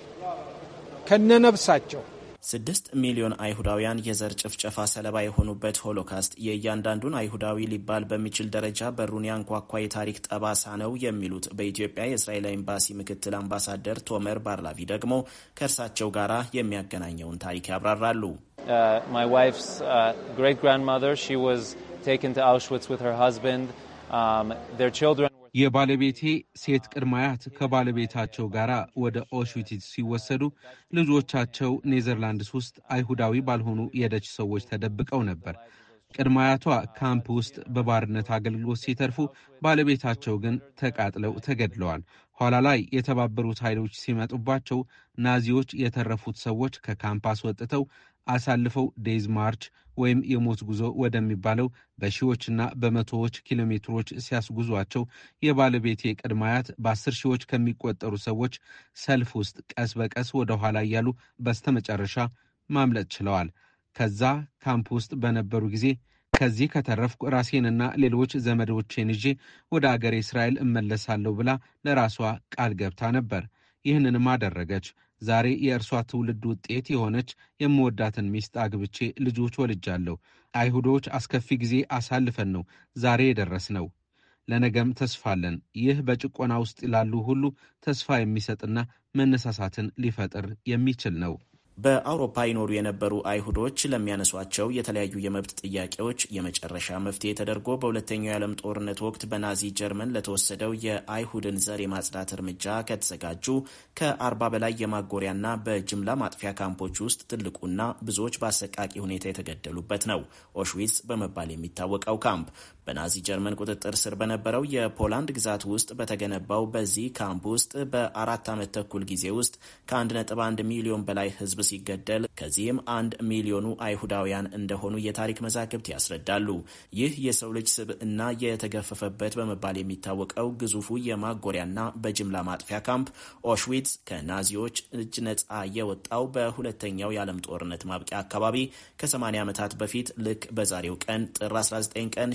ከነነብሳቸው። ስድስት ሚሊዮን አይሁዳውያን የዘር ጭፍጨፋ ሰለባ የሆኑበት ሆሎካስት የእያንዳንዱን አይሁዳዊ ሊባል በሚችል ደረጃ በሩን ያንኳኳ የታሪክ ጠባሳ ነው የሚሉት በኢትዮጵያ የእስራኤል ኤምባሲ ምክትል አምባሳደር ቶመር ባርላቪ ደግሞ ከእርሳቸው ጋር የሚያገናኘውን ታሪክ ያብራራሉ። ማይ ዋይፍስ ቴክን ቱ አውሽዊትስ ዊዝ ሄር ሃዝባንድ ችልድረን የባለቤቴ ሴት ቅድማያት ከባለቤታቸው ጋር ወደ ኦሽዊትዝ ሲወሰዱ ልጆቻቸው ኔዘርላንድስ ውስጥ አይሁዳዊ ባልሆኑ የደች ሰዎች ተደብቀው ነበር። ቅድማያቷ ካምፕ ውስጥ በባርነት አገልግሎት ሲተርፉ፣ ባለቤታቸው ግን ተቃጥለው ተገድለዋል። ኋላ ላይ የተባበሩት ኃይሎች ሲመጡባቸው ናዚዎች የተረፉት ሰዎች ከካምፕ አስወጥተው አሳልፈው ዴዝ ማርች ወይም የሞት ጉዞ ወደሚባለው በሺዎችና በመቶዎች ኪሎ ሜትሮች ሲያስጉዟቸው የባለቤት ቅድመ አያት በአስር ሺዎች ከሚቆጠሩ ሰዎች ሰልፍ ውስጥ ቀስ በቀስ ወደ ኋላ እያሉ በስተመጨረሻ ማምለጥ ችለዋል። ከዛ ካምፕ ውስጥ በነበሩ ጊዜ ከዚህ ከተረፍኩ ራሴንና ሌሎች ዘመዶቼን ይዤ ወደ አገሬ እስራኤል እመለሳለሁ ብላ ለራሷ ቃል ገብታ ነበር። ይህንንም አደረገች። ዛሬ የእርሷ ትውልድ ውጤት የሆነች የምወዳትን ሚስት አግብቼ ልጆች ወልጃለሁ። አይሁዶች አስከፊ ጊዜ አሳልፈን ነው ዛሬ የደረስ ነው። ለነገም ተስፋለን ይህ በጭቆና ውስጥ ላሉ ሁሉ ተስፋ የሚሰጥና መነሳሳትን ሊፈጥር የሚችል ነው። በአውሮፓ ይኖሩ የነበሩ አይሁዶች ለሚያነሷቸው የተለያዩ የመብት ጥያቄዎች የመጨረሻ መፍትሄ ተደርጎ በሁለተኛው የዓለም ጦርነት ወቅት በናዚ ጀርመን ለተወሰደው የአይሁድን ዘር የማጽዳት እርምጃ ከተዘጋጁ ከአርባ በላይ የማጎሪያና በጅምላ ማጥፊያ ካምፖች ውስጥ ትልቁና ብዙዎች በአሰቃቂ ሁኔታ የተገደሉበት ነው ኦሽዊትስ በመባል የሚታወቀው ካምፕ። በናዚ ጀርመን ቁጥጥር ስር በነበረው የፖላንድ ግዛት ውስጥ በተገነባው በዚህ ካምፕ ውስጥ በአራት ዓመት ተኩል ጊዜ ውስጥ ከ1.1 ሚሊዮን በላይ ህዝብ ሲገደል ከዚህም አንድ ሚሊዮኑ አይሁዳውያን እንደሆኑ የታሪክ መዛግብት ያስረዳሉ። ይህ የሰው ልጅ እና የተገፈፈበት በመባል የሚታወቀው ግዙፉ የማጎሪያና በጅምላ ማጥፊያ ካምፕ ኦሽዊትስ ከናዚዎች እጅ ነጻ የወጣው በሁለተኛው የዓለም ጦርነት ማብቂያ አካባቢ ከ80 ዓመታት በፊት ልክ በዛሬው ቀን ጥር 19 ቀን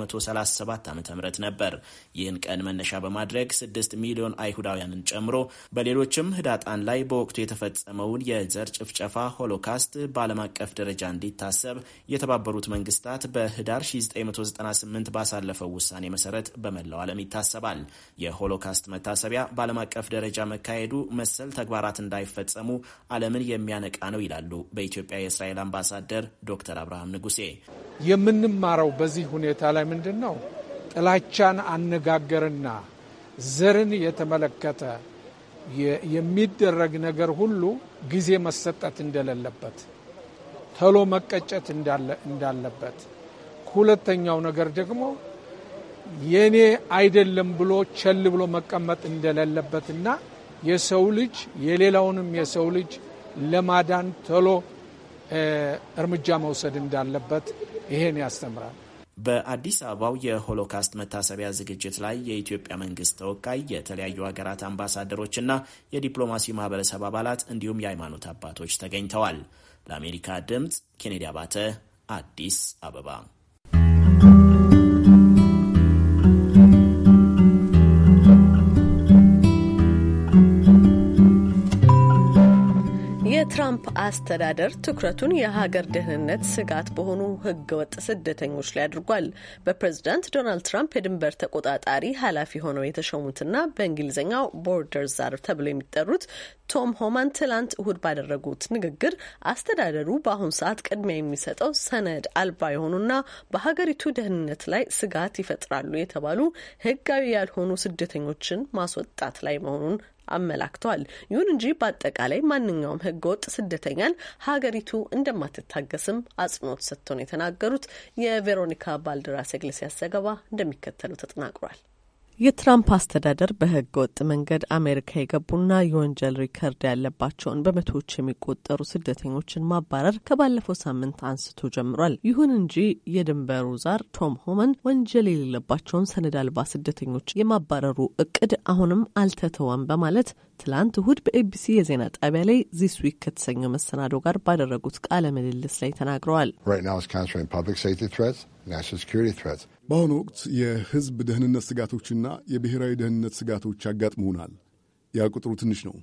937 ዓ ም ነበር። ይህን ቀን መነሻ በማድረግ 6 ሚሊዮን አይሁዳውያንን ጨምሮ በሌሎችም ህዳጣን ላይ በወቅቱ የተፈጸመውን የዘር ጭፍጨፋ ሆሎካስት በዓለም አቀፍ ደረጃ እንዲታሰብ የተባበሩት መንግስታት በህዳር 1998 ባሳለፈው ውሳኔ መሰረት በመላው ዓለም ይታሰባል። የሆሎካስት መታሰቢያ በዓለም አቀፍ ደረጃ መካሄዱ መሰል ተግባራት እንዳይፈጸሙ ዓለምን የሚያነቃ ነው ይላሉ በኢትዮጵያ የእስራኤል አምባሳደር ዶክተር አብርሃም ንጉሴ። የምንማረው በዚህ ሁኔታ በአጠቃላይ ምንድን ነው ጥላቻን አነጋገርና ዘርን የተመለከተ የሚደረግ ነገር ሁሉ ጊዜ መሰጠት እንደሌለበት፣ ተሎ መቀጨት እንዳለበት፣ ሁለተኛው ነገር ደግሞ የኔ አይደለም ብሎ ቸል ብሎ መቀመጥ እንደሌለበትና የሰው ልጅ የሌላውንም የሰው ልጅ ለማዳን ተሎ እርምጃ መውሰድ እንዳለበት ይሄን ያስተምራል። በአዲስ አበባው የሆሎካስት መታሰቢያ ዝግጅት ላይ የኢትዮጵያ መንግስት ተወካይ፣ የተለያዩ ሀገራት አምባሳደሮችና የዲፕሎማሲ ማህበረሰብ አባላት እንዲሁም የሃይማኖት አባቶች ተገኝተዋል። ለአሜሪካ ድምፅ ኬኔዲ አባተ አዲስ አበባ የትራምፕ አስተዳደር ትኩረቱን የሀገር ደህንነት ስጋት በሆኑ ህገወጥ ስደተኞች ላይ አድርጓል። በፕሬዝዳንት ዶናልድ ትራምፕ የድንበር ተቆጣጣሪ ኃላፊ ሆነው የተሾሙትና በእንግሊዝኛው ቦርደር ዛር ተብለው የሚጠሩት ቶም ሆማን ትላንት እሁድ ባደረጉት ንግግር አስተዳደሩ በአሁኑ ሰዓት ቅድሚያ የሚሰጠው ሰነድ አልባ የሆኑና በሀገሪቱ ደህንነት ላይ ስጋት ይፈጥራሉ የተባሉ ህጋዊ ያልሆኑ ስደተኞችን ማስወጣት ላይ መሆኑን አመላክተዋል። ይሁን እንጂ በአጠቃላይ ማንኛውም ህገወጥ ስደተኛን ሀገሪቱ እንደማትታገስም አጽንኦት ሰጥተው ነው የተናገሩት። የቬሮኒካ ባልደራስ ኢግሌሲያስ ዘገባ እንደሚከተሉ ተጠናቅሯል። የትራምፕ አስተዳደር በሕገ ወጥ መንገድ አሜሪካ የገቡና የወንጀል ሪከርድ ያለባቸውን በመቶዎች የሚቆጠሩ ስደተኞችን ማባረር ከባለፈው ሳምንት አንስቶ ጀምሯል። ይሁን እንጂ የድንበሩ ዛር ቶም ሆመን ወንጀል የሌለባቸውን ሰነድ አልባ ስደተኞች የማባረሩ እቅድ አሁንም አልተተወም በማለት ትላንት እሁድ በኤቢሲ የዜና ጣቢያ ላይ ዚስ ዊክ ከተሰኘው መሰናዶ ጋር ባደረጉት ቃለ ምልልስ ላይ ተናግረዋል። በአሁኑ ወቅት የህዝብ ደህንነት ስጋቶችና የብሔራዊ ደህንነት ስጋቶች አጋጥመውናል። ያ ቁጥሩ ትንሽ ነው።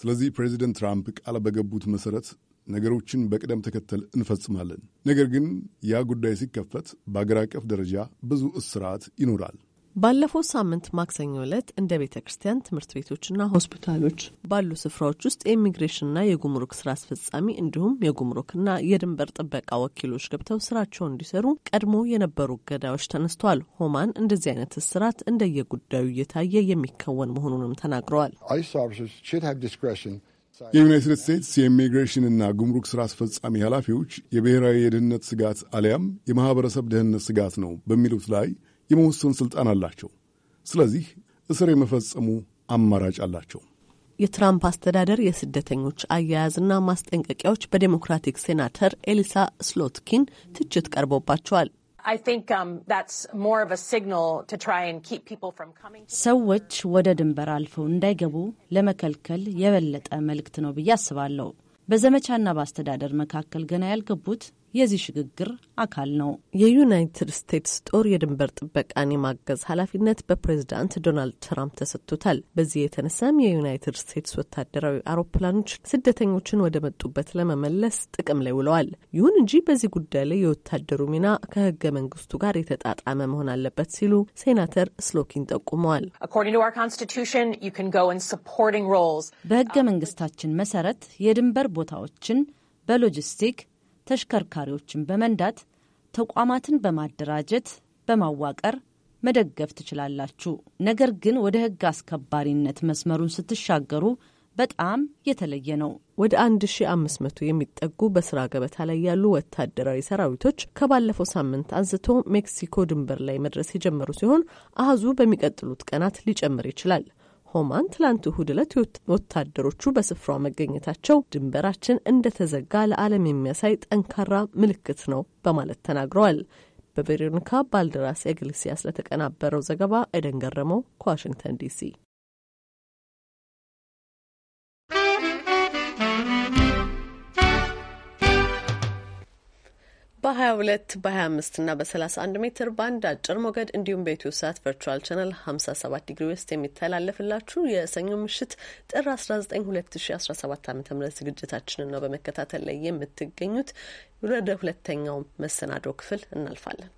ስለዚህ ፕሬዚደንት ትራምፕ ቃል በገቡት መሠረት ነገሮችን በቅደም ተከተል እንፈጽማለን። ነገር ግን ያ ጉዳይ ሲከፈት በአገር አቀፍ ደረጃ ብዙ እስራት ይኖራል። ባለፈው ሳምንት ማክሰኞ ዕለት እንደ ቤተ ክርስቲያን ትምህርት ቤቶችና ሆስፒታሎች ባሉ ስፍራዎች ውስጥ የኢሚግሬሽንና የጉምሩክ ስራ አስፈጻሚ እንዲሁም የጉምሩክና የድንበር ጥበቃ ወኪሎች ገብተው ስራቸውን እንዲሰሩ ቀድሞ የነበሩ እገዳዎች ተነስተዋል። ሆማን እንደዚህ አይነት እስራት እንደየጉዳዩ እየታየ የሚከወን መሆኑንም ተናግረዋል። የዩናይትድ ስቴትስ የኢሚግሬሽንና ጉምሩክ ስራ አስፈጻሚ ኃላፊዎች የብሔራዊ የደህንነት ስጋት አሊያም የማህበረሰብ ደህንነት ስጋት ነው በሚሉት ላይ የመወሰን ስልጣን አላቸው። ስለዚህ እስር የመፈጸሙ አማራጭ አላቸው። የትራምፕ አስተዳደር የስደተኞች አያያዝና ማስጠንቀቂያዎች በዴሞክራቲክ ሴናተር ኤሊሳ ስሎትኪን ትችት ቀርቦባቸዋል። um, ሰዎች ወደ ድንበር አልፈው እንዳይገቡ ለመከልከል የበለጠ መልእክት ነው ብዬ አስባለሁ። በዘመቻና በአስተዳደር መካከል ገና ያልገቡት የዚህ ሽግግር አካል ነው። የዩናይትድ ስቴትስ ጦር የድንበር ጥበቃን የማገዝ ኃላፊነት በፕሬዝዳንት ዶናልድ ትራምፕ ተሰጥቶታል። በዚህ የተነሳም የዩናይትድ ስቴትስ ወታደራዊ አውሮፕላኖች ስደተኞችን ወደ መጡበት ለመመለስ ጥቅም ላይ ውለዋል። ይሁን እንጂ በዚህ ጉዳይ ላይ የወታደሩ ሚና ከህገ መንግስቱ ጋር የተጣጣመ መሆን አለበት ሲሉ ሴናተር ስሎኪን ጠቁመዋል። በህገ መንግስታችን መሰረት የድንበር ቦታዎችን በሎጂስቲክ ተሽከርካሪዎችን በመንዳት ተቋማትን በማደራጀት በማዋቀር መደገፍ ትችላላችሁ። ነገር ግን ወደ ሕግ አስከባሪነት መስመሩን ስትሻገሩ በጣም የተለየ ነው። ወደ 1500 የሚጠጉ በስራ ገበታ ላይ ያሉ ወታደራዊ ሰራዊቶች ከባለፈው ሳምንት አንስቶ ሜክሲኮ ድንበር ላይ መድረስ የጀመሩ ሲሆን አህዙ በሚቀጥሉት ቀናት ሊጨምር ይችላል። ሆማን ትላንት እሁድ ዕለት ወታደሮቹ በስፍራው መገኘታቸው ድንበራችን እንደተዘጋ ለዓለም የሚያሳይ ጠንካራ ምልክት ነው በማለት ተናግረዋል። በቬሮኒካ ባልደራስ ኤግሊሲያስ ለተቀናበረው ዘገባ ኤደን ገረመው ከዋሽንግተን ዲሲ በ22 በ25 እና በ31 ሜትር ባንድ አጭር ሞገድ እንዲሁም በኢትዮ ሳት ቨርቹዋል ቻናል 57 ዲግሪ ውስጥ የሚተላለፍላችሁ የሰኞ ምሽት ጥር 19 2017 ዓ ም ዝግጅታችንን ነው በመከታተል ላይ የምትገኙት። ወደ ሁለተኛው መሰናዶ ክፍል እናልፋለን።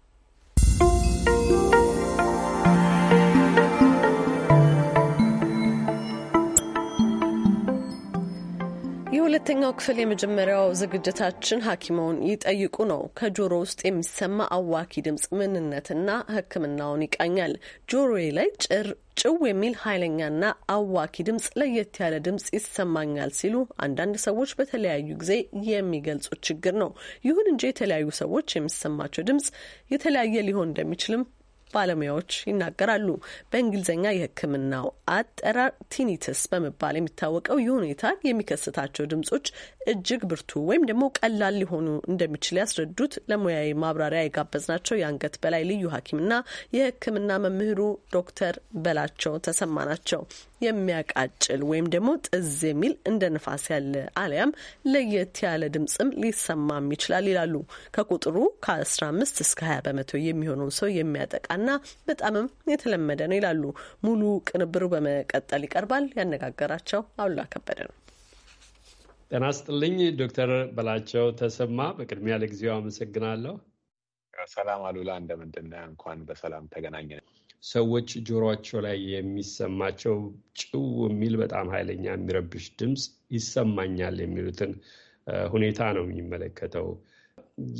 የሁለተኛው ክፍል የመጀመሪያው ዝግጅታችን ሐኪሞውን ይጠይቁ ነው። ከጆሮ ውስጥ የሚሰማ አዋኪ ድምፅ ምንነትና ሕክምናውን ይቃኛል። ጆሮዬ ላይ ጭር ጭው የሚል ኃይለኛና አዋኪ ድምፅ፣ ለየት ያለ ድምፅ ይሰማኛል ሲሉ አንዳንድ ሰዎች በተለያዩ ጊዜ የሚገልጹት ችግር ነው። ይሁን እንጂ የተለያዩ ሰዎች የሚሰማቸው ድምፅ የተለያየ ሊሆን እንደሚችልም ባለሙያዎች ይናገራሉ። በእንግሊዝኛ የሕክምናው አጠራር ቲኒትስ በመባል የሚታወቀው ይህ ሁኔታ የሚከስታቸው ድምጾች እጅግ ብርቱ ወይም ደግሞ ቀላል ሊሆኑ እንደሚችል ያስረዱት ለሙያዊ ማብራሪያ የጋበዝናቸው የአንገት በላይ ልዩ ሐኪምና የሕክምና መምህሩ ዶክተር በላቸው ተሰማ ናቸው። የሚያቃጭል ወይም ደግሞ ጥዝ የሚል እንደ ንፋስ ያለ አሊያም ለየት ያለ ድምፅም ሊሰማም ይችላል ይላሉ። ከቁጥሩ ከ15 እስከ 20 በመቶ የሚሆነውን ሰው የሚያጠቃና በጣምም የተለመደ ነው ይላሉ። ሙሉ ቅንብሩ በመቀጠል ይቀርባል። ያነጋገራቸው አሉላ ከበደ ነው። ጤና ስጥልኝ ዶክተር በላቸው ተሰማ፣ በቅድሚያ ለጊዜው አመሰግናለሁ። ሰላም አሉላ፣ እንደምንድን ነህ? እንኳን በሰላም ተገናኘን። ሰዎች ጆሮቸው ላይ የሚሰማቸው ጭው የሚል በጣም ኃይለኛ የሚረብሽ ድምፅ ይሰማኛል የሚሉትን ሁኔታ ነው የሚመለከተው።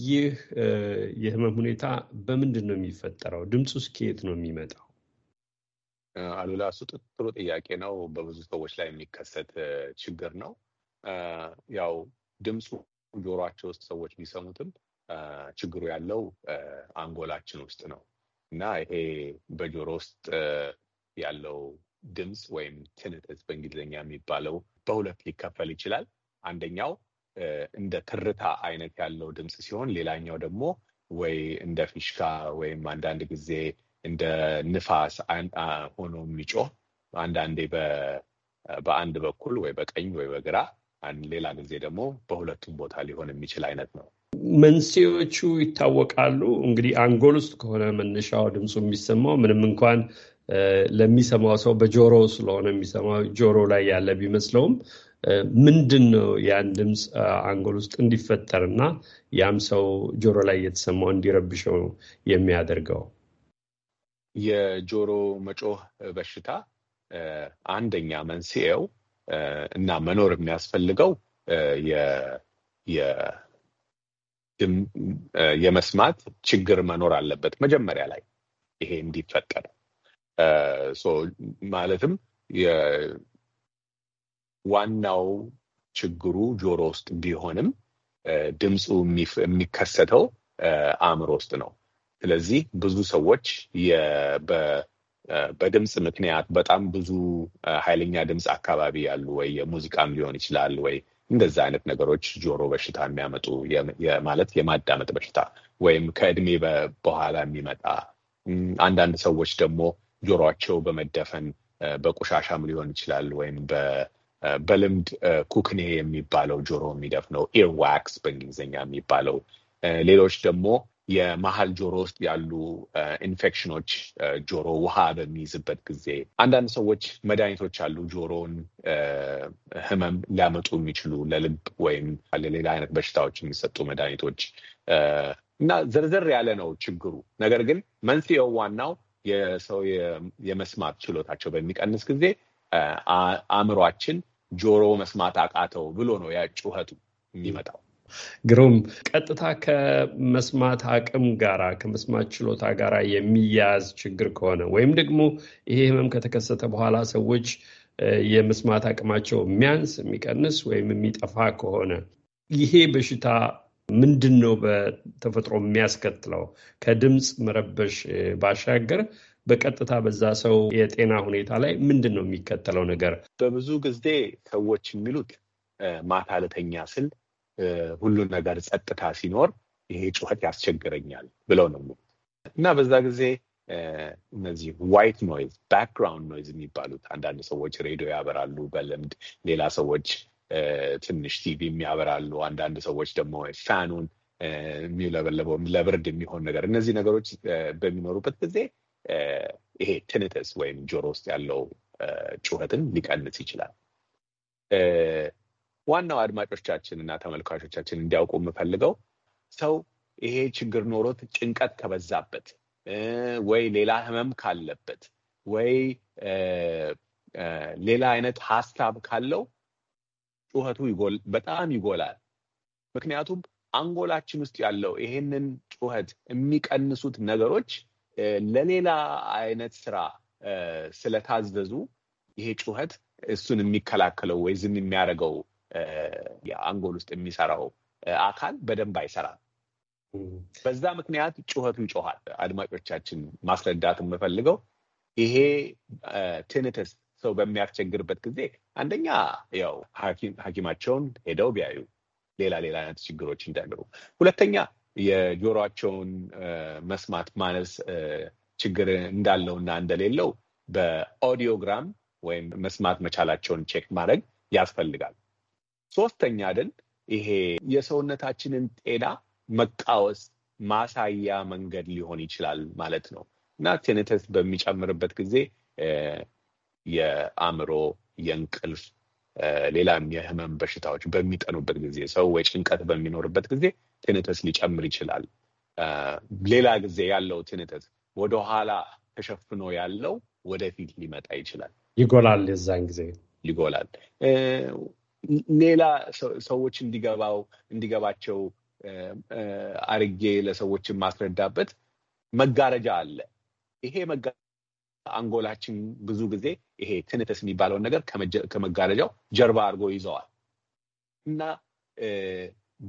ይህ የህመም ሁኔታ በምንድን ነው የሚፈጠረው? ድምፁ ስኬት ነው የሚመጣው? አሉላ፣ እሱ ጥሩ ጥያቄ ነው። በብዙ ሰዎች ላይ የሚከሰት ችግር ነው። ያው ድምፁ ጆሮቸው ውስጥ ሰዎች ቢሰሙትም ችግሩ ያለው አንጎላችን ውስጥ ነው። እና ይሄ በጆሮ ውስጥ ያለው ድምፅ ወይም ትንጥስ በእንግሊዝኛ የሚባለው በሁለት ሊከፈል ይችላል። አንደኛው እንደ ትርታ አይነት ያለው ድምፅ ሲሆን፣ ሌላኛው ደግሞ ወይ እንደ ፊሽካ ወይም አንዳንድ ጊዜ እንደ ንፋስ ሆኖ የሚጮህ አንዳንዴ በአንድ በኩል ወይ በቀኝ ወይ በግራ ሌላ ጊዜ ደግሞ በሁለቱም ቦታ ሊሆን የሚችል አይነት ነው። መንስኤዎቹ ይታወቃሉ። እንግዲህ አንጎል ውስጥ ከሆነ መነሻው ድምፁ የሚሰማው ምንም እንኳን ለሚሰማው ሰው በጆሮ ስለሆነ የሚሰማው ጆሮ ላይ ያለ ቢመስለውም ምንድን ነው ያን ድምፅ አንጎል ውስጥ እንዲፈጠር እና ያም ሰው ጆሮ ላይ የተሰማው እንዲረብሸው የሚያደርገው? የጆሮ መጮህ በሽታ አንደኛ መንስኤው እና መኖር የሚያስፈልገው የመስማት ችግር መኖር አለበት መጀመሪያ ላይ ይሄ እንዲፈጠር ማለትም ዋናው ችግሩ ጆሮ ውስጥ ቢሆንም ድምፁ የሚከሰተው አእምሮ ውስጥ ነው። ስለዚህ ብዙ ሰዎች በድምፅ ምክንያት በጣም ብዙ ኃይለኛ ድምፅ አካባቢ ያሉ ወይ የሙዚቃም ሊሆን ይችላል ወይ እንደዚህ አይነት ነገሮች ጆሮ በሽታ የሚያመጡ ማለት የማዳመጥ በሽታ ወይም ከእድሜ በኋላ የሚመጣ አንዳንድ ሰዎች ደግሞ ጆሮቸው በመደፈን በቆሻሻም ሊሆን ይችላል ወይም በልምድ ኩክኔ የሚባለው ጆሮ የሚደፍነው ኤርዋክስ በእንግሊዝኛ የሚባለው ሌሎች ደግሞ የመሀል ጆሮ ውስጥ ያሉ ኢንፌክሽኖች ጆሮ ውሃ በሚይዝበት ጊዜ አንዳንድ ሰዎች መድኃኒቶች አሉ ጆሮውን ህመም ሊያመጡ የሚችሉ ለልብ ወይም ለሌላ አይነት በሽታዎች የሚሰጡ መድኃኒቶች እና ዝርዝር ያለ ነው ችግሩ። ነገር ግን መንስኤው ዋናው የሰው የመስማት ችሎታቸው በሚቀንስ ጊዜ አእምሯችን ጆሮ መስማት አቃተው ብሎ ነው ያጩኸቱ የሚመጣው ግሩም ቀጥታ ከመስማት አቅም ጋር ከመስማት ችሎታ ጋር የሚያያዝ ችግር ከሆነ ወይም ደግሞ ይሄ ህመም ከተከሰተ በኋላ ሰዎች የመስማት አቅማቸው የሚያንስ የሚቀንስ ወይም የሚጠፋ ከሆነ ይሄ በሽታ ምንድን ነው በተፈጥሮ የሚያስከትለው? ከድምፅ መረበሽ ባሻገር በቀጥታ በዛ ሰው የጤና ሁኔታ ላይ ምንድን ነው የሚከተለው ነገር? በብዙ ጊዜ ሰዎች የሚሉት ማታ ስል ሁሉን ነገር ጸጥታ ሲኖር ይሄ ጩኸት ያስቸግረኛል ብለው ነው እና በዛ ጊዜ እነዚህ ዋይት ኖይዝ ባክግራውንድ ኖይዝ የሚባሉት አንዳንድ ሰዎች ሬዲዮ ያበራሉ በልምድ ሌላ ሰዎች ትንሽ ቲቪ ያበራሉ። አንዳንድ ሰዎች ደግሞ ፋኑን የሚውለበለበው ለብርድ የሚሆን ነገር እነዚህ ነገሮች በሚኖሩበት ጊዜ ይሄ tinnitus ወይም ጆሮ ውስጥ ያለው ጩኸትን ሊቀንስ ይችላል። ዋናው አድማጮቻችን እና ተመልካቾቻችን እንዲያውቁ የምፈልገው ሰው ይሄ ችግር ኖሮት ጭንቀት ከበዛበት ወይ ሌላ ህመም ካለበት ወይ ሌላ አይነት ሀሳብ ካለው ጩኸቱ በጣም ይጎላል። ምክንያቱም አንጎላችን ውስጥ ያለው ይሄንን ጩኸት የሚቀንሱት ነገሮች ለሌላ አይነት ስራ ስለታዘዙ ይሄ ጩኸት እሱን የሚከላከለው ወይ ዝም የሚያደርገው የአንጎል ውስጥ የሚሰራው አካል በደንብ አይሰራም። በዛ ምክንያት ጩኸቱ ይጮኋል። አድማጮቻችን ማስረዳት የምፈልገው ይሄ ትንትስ ሰው በሚያስቸግርበት ጊዜ አንደኛ ያው ሐኪማቸውን ሄደው ቢያዩ ሌላ ሌላ አይነት ችግሮች እንዳይገቡ፣ ሁለተኛ የጆሮቸውን መስማት ማነስ ችግር እንዳለውና እንደሌለው በኦዲዮግራም ወይም መስማት መቻላቸውን ቼክ ማድረግ ያስፈልጋል። ሶስተኛ ድል ይሄ የሰውነታችንን ጤና መቃወስ ማሳያ መንገድ ሊሆን ይችላል ማለት ነው እና ቴንተስ በሚጨምርበት ጊዜ የአእምሮ የእንቅልፍ ሌላም የህመም በሽታዎች በሚጠኑበት ጊዜ ሰው ወይ ጭንቀት በሚኖርበት ጊዜ ቴንተስ ሊጨምር ይችላል። ሌላ ጊዜ ያለው ቴንተስ ወደኋላ ተሸፍኖ ያለው ወደፊት ሊመጣ ይችላል፣ ይጎላል። የዛን ጊዜ ይጎላል። ሌላ ሰዎች እንዲገባው እንዲገባቸው አርጌ ለሰዎች ማስረዳበት መጋረጃ አለ። ይሄ መጋረጃ አንጎላችን ብዙ ጊዜ ይሄ ትንተስ የሚባለውን ነገር ከመጋረጃው ጀርባ አድርጎ ይዘዋል እና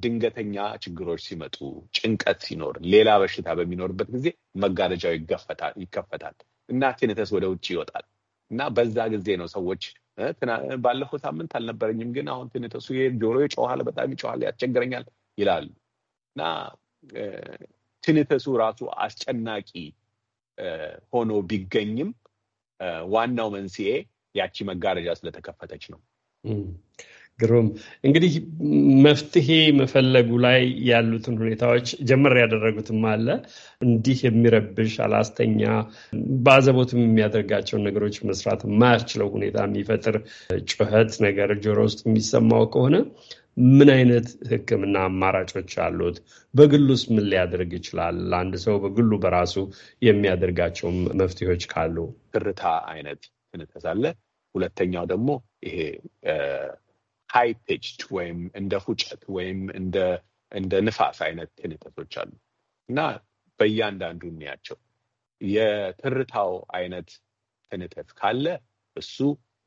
ድንገተኛ ችግሮች ሲመጡ፣ ጭንቀት ሲኖር፣ ሌላ በሽታ በሚኖርበት ጊዜ መጋረጃው ይከፈታል እና ትንተስ ወደ ውጭ ይወጣል እና በዛ ጊዜ ነው ሰዎች ባለፈው ሳምንት አልነበረኝም፣ ግን አሁን ትንተሱ ጆሮ ይጮኋል፣ በጣም ይጮኋል፣ ያስቸግረኛል ይላሉ እና ትንተሱ ራሱ አስጨናቂ ሆኖ ቢገኝም ዋናው መንስኤ ያቺ መጋረጃ ስለተከፈተች ነው። ግሩም እንግዲህ መፍትሄ መፈለጉ ላይ ያሉትን ሁኔታዎች ጀመር ያደረጉትም አለ እንዲህ የሚረብሽ አላስተኛ በአዘቦትም የሚያደርጋቸውን ነገሮች መስራት የማያስችለው ሁኔታ የሚፈጥር ጩኸት ነገር ጆሮ ውስጥ የሚሰማው ከሆነ ምን አይነት ህክምና አማራጮች አሉት? በግሉስ ምን ሊያደርግ ይችላል? አንድ ሰው በግሉ በራሱ የሚያደርጋቸው መፍትሄዎች ካሉ ትርታ አይነት ትንተሳለ ሁለተኛው ደግሞ ይሄ ሃይ ፒችድ ወይም እንደ ፉጨት ወይም እንደ ንፋስ አይነት ትንጠቶች አሉ እና በእያንዳንዱ እንያቸው የትርታው አይነት ትንጠት ካለ እሱ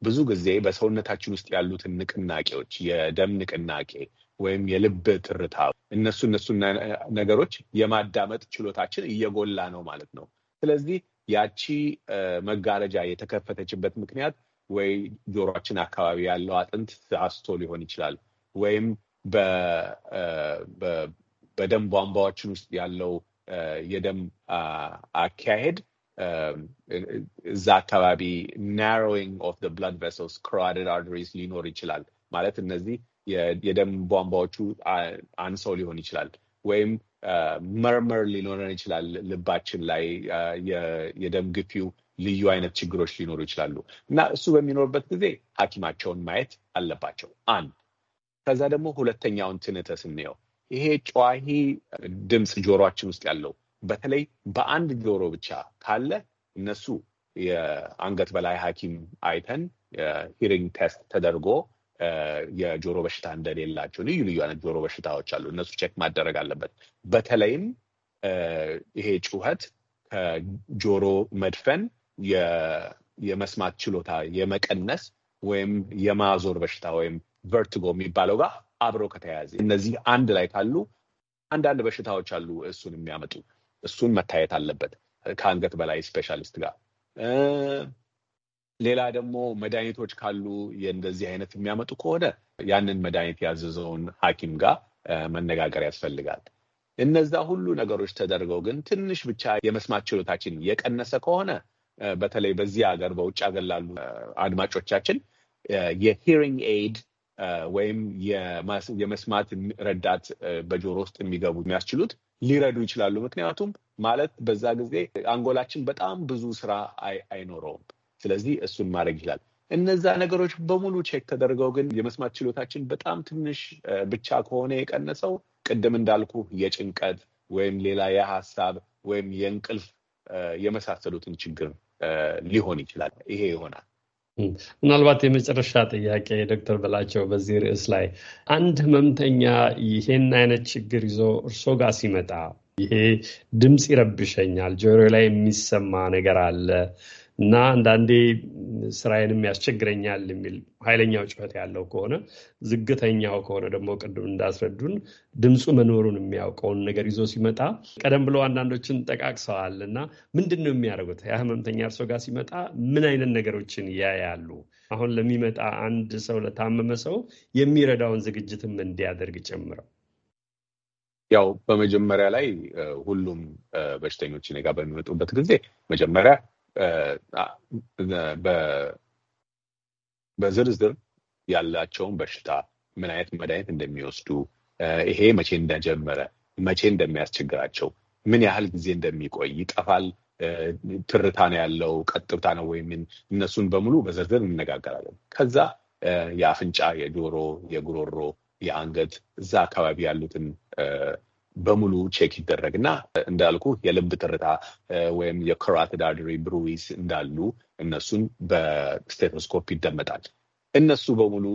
ብዙ ጊዜ በሰውነታችን ውስጥ ያሉትን ንቅናቄዎች የደም ንቅናቄ ወይም የልብ ትርታ እነሱ እነሱ ነገሮች የማዳመጥ ችሎታችን እየጎላ ነው ማለት ነው። ስለዚህ ያቺ መጋረጃ የተከፈተችበት ምክንያት ወይ ጆሮችን አካባቢ ያለው አጥንት አስቶ ሊሆን ይችላል ወይም በደም ቧንቧዎችን ውስጥ ያለው የደም አካሄድ እዛ አካባቢ ናሮዊንግ ኦፍ ዘ ብላድ ቨሰልስ ክሮደድ አርተሪስ ሊኖር ይችላል። ማለት እነዚህ የደም ቧንቧዎቹ አንሰው ሊሆን ይችላል ወይም መርመር ሊኖረን ይችላል። ልባችን ላይ የደም ግፊው ልዩ አይነት ችግሮች ሊኖሩ ይችላሉ እና እሱ በሚኖርበት ጊዜ ሐኪማቸውን ማየት አለባቸው። አንድ ከዛ ደግሞ ሁለተኛውን ትንተ ስንየው ይሄ ጨዋሂ ድምፅ ጆሮችን ውስጥ ያለው በተለይ በአንድ ጆሮ ብቻ ካለ እነሱ የአንገት በላይ ሐኪም አይተን ሂሪንግ ቴስት ተደርጎ የጆሮ በሽታ እንደሌላቸው ልዩ ልዩ አይነት ጆሮ በሽታዎች አሉ። እነሱ ቼክ ማደረግ አለበት። በተለይም ይሄ ጩኸት ከጆሮ መድፈን የመስማት ችሎታ የመቀነስ ወይም የማዞር በሽታ ወይም ቨርትጎ የሚባለው ጋር አብሮ ከተያያዘ እነዚህ አንድ ላይ ካሉ አንዳንድ በሽታዎች አሉ እሱን የሚያመጡ እሱን መታየት አለበት ከአንገት በላይ ስፔሻሊስት ጋር። ሌላ ደግሞ መድኃኒቶች ካሉ የእንደዚህ አይነት የሚያመጡ ከሆነ ያንን መድኃኒት ያዘዘውን ሀኪም ጋር መነጋገር ያስፈልጋል። እነዛ ሁሉ ነገሮች ተደርገው ግን ትንሽ ብቻ የመስማት ችሎታችን የቀነሰ ከሆነ በተለይ በዚህ ሀገር በውጭ ሀገር ላሉ አድማጮቻችን የሂሪንግ ኤድ ወይም የመስማት ረዳት በጆሮ ውስጥ የሚገቡ የሚያስችሉት ሊረዱ ይችላሉ። ምክንያቱም ማለት በዛ ጊዜ አንጎላችን በጣም ብዙ ስራ አይኖረውም። ስለዚህ እሱን ማድረግ ይችላል። እነዛ ነገሮች በሙሉ ቼክ ተደርገው ግን የመስማት ችሎታችን በጣም ትንሽ ብቻ ከሆነ የቀነሰው ቅድም እንዳልኩ የጭንቀት ወይም ሌላ የሀሳብ ወይም የእንቅልፍ የመሳሰሉትን ችግር ነው። ሊሆን ይችላል። ይሄ ይሆናል። ምናልባት የመጨረሻ ጥያቄ ዶክተር በላቸው በዚህ ርዕስ ላይ አንድ ህመምተኛ ይሄን አይነት ችግር ይዞ እርሶ ጋር ሲመጣ ይሄ ድምፅ ይረብሸኛል፣ ጆሮ ላይ የሚሰማ ነገር አለ እና አንዳንዴ ስራዬንም ያስቸግረኛል የሚል ኃይለኛው ጭፈት ያለው ከሆነ፣ ዝግተኛው ከሆነ ደግሞ ቅድም እንዳስረዱን ድምፁ መኖሩን የሚያውቀውን ነገር ይዞ ሲመጣ ቀደም ብሎ አንዳንዶችን ጠቃቅሰዋል እና ምንድን ነው የሚያደርጉት? ያ ህመምተኛ እርሶ ጋር ሲመጣ ምን አይነት ነገሮችን ያያሉ? አሁን ለሚመጣ አንድ ሰው ለታመመ ሰው የሚረዳውን ዝግጅትም እንዲያደርግ ጨምረው ያው በመጀመሪያ ላይ ሁሉም በሽተኞች እኔ ጋር በሚመጡበት ጊዜ መጀመሪያ በዝርዝር ያላቸውን በሽታ ምን አይነት መድኃኒት እንደሚወስዱ ይሄ መቼ እንደጀመረ መቼ እንደሚያስቸግራቸው ምን ያህል ጊዜ እንደሚቆይ ይጠፋል፣ ትርታ ነው ያለው፣ ቀጥብታ ነው ወይም እነሱን በሙሉ በዝርዝር እንነጋገራለን። ከዛ የአፍንጫ፣ የጆሮ፣ የጉሮሮ፣ የአንገት እዛ አካባቢ ያሉትን በሙሉ ቼክ ይደረግና እንዳልኩ የልብ ትርታ ወይም የኮራቲድ አርተሪ ብሩዊዝ እንዳሉ እነሱን በስቴቶስኮፕ ይደመጣል። እነሱ በሙሉ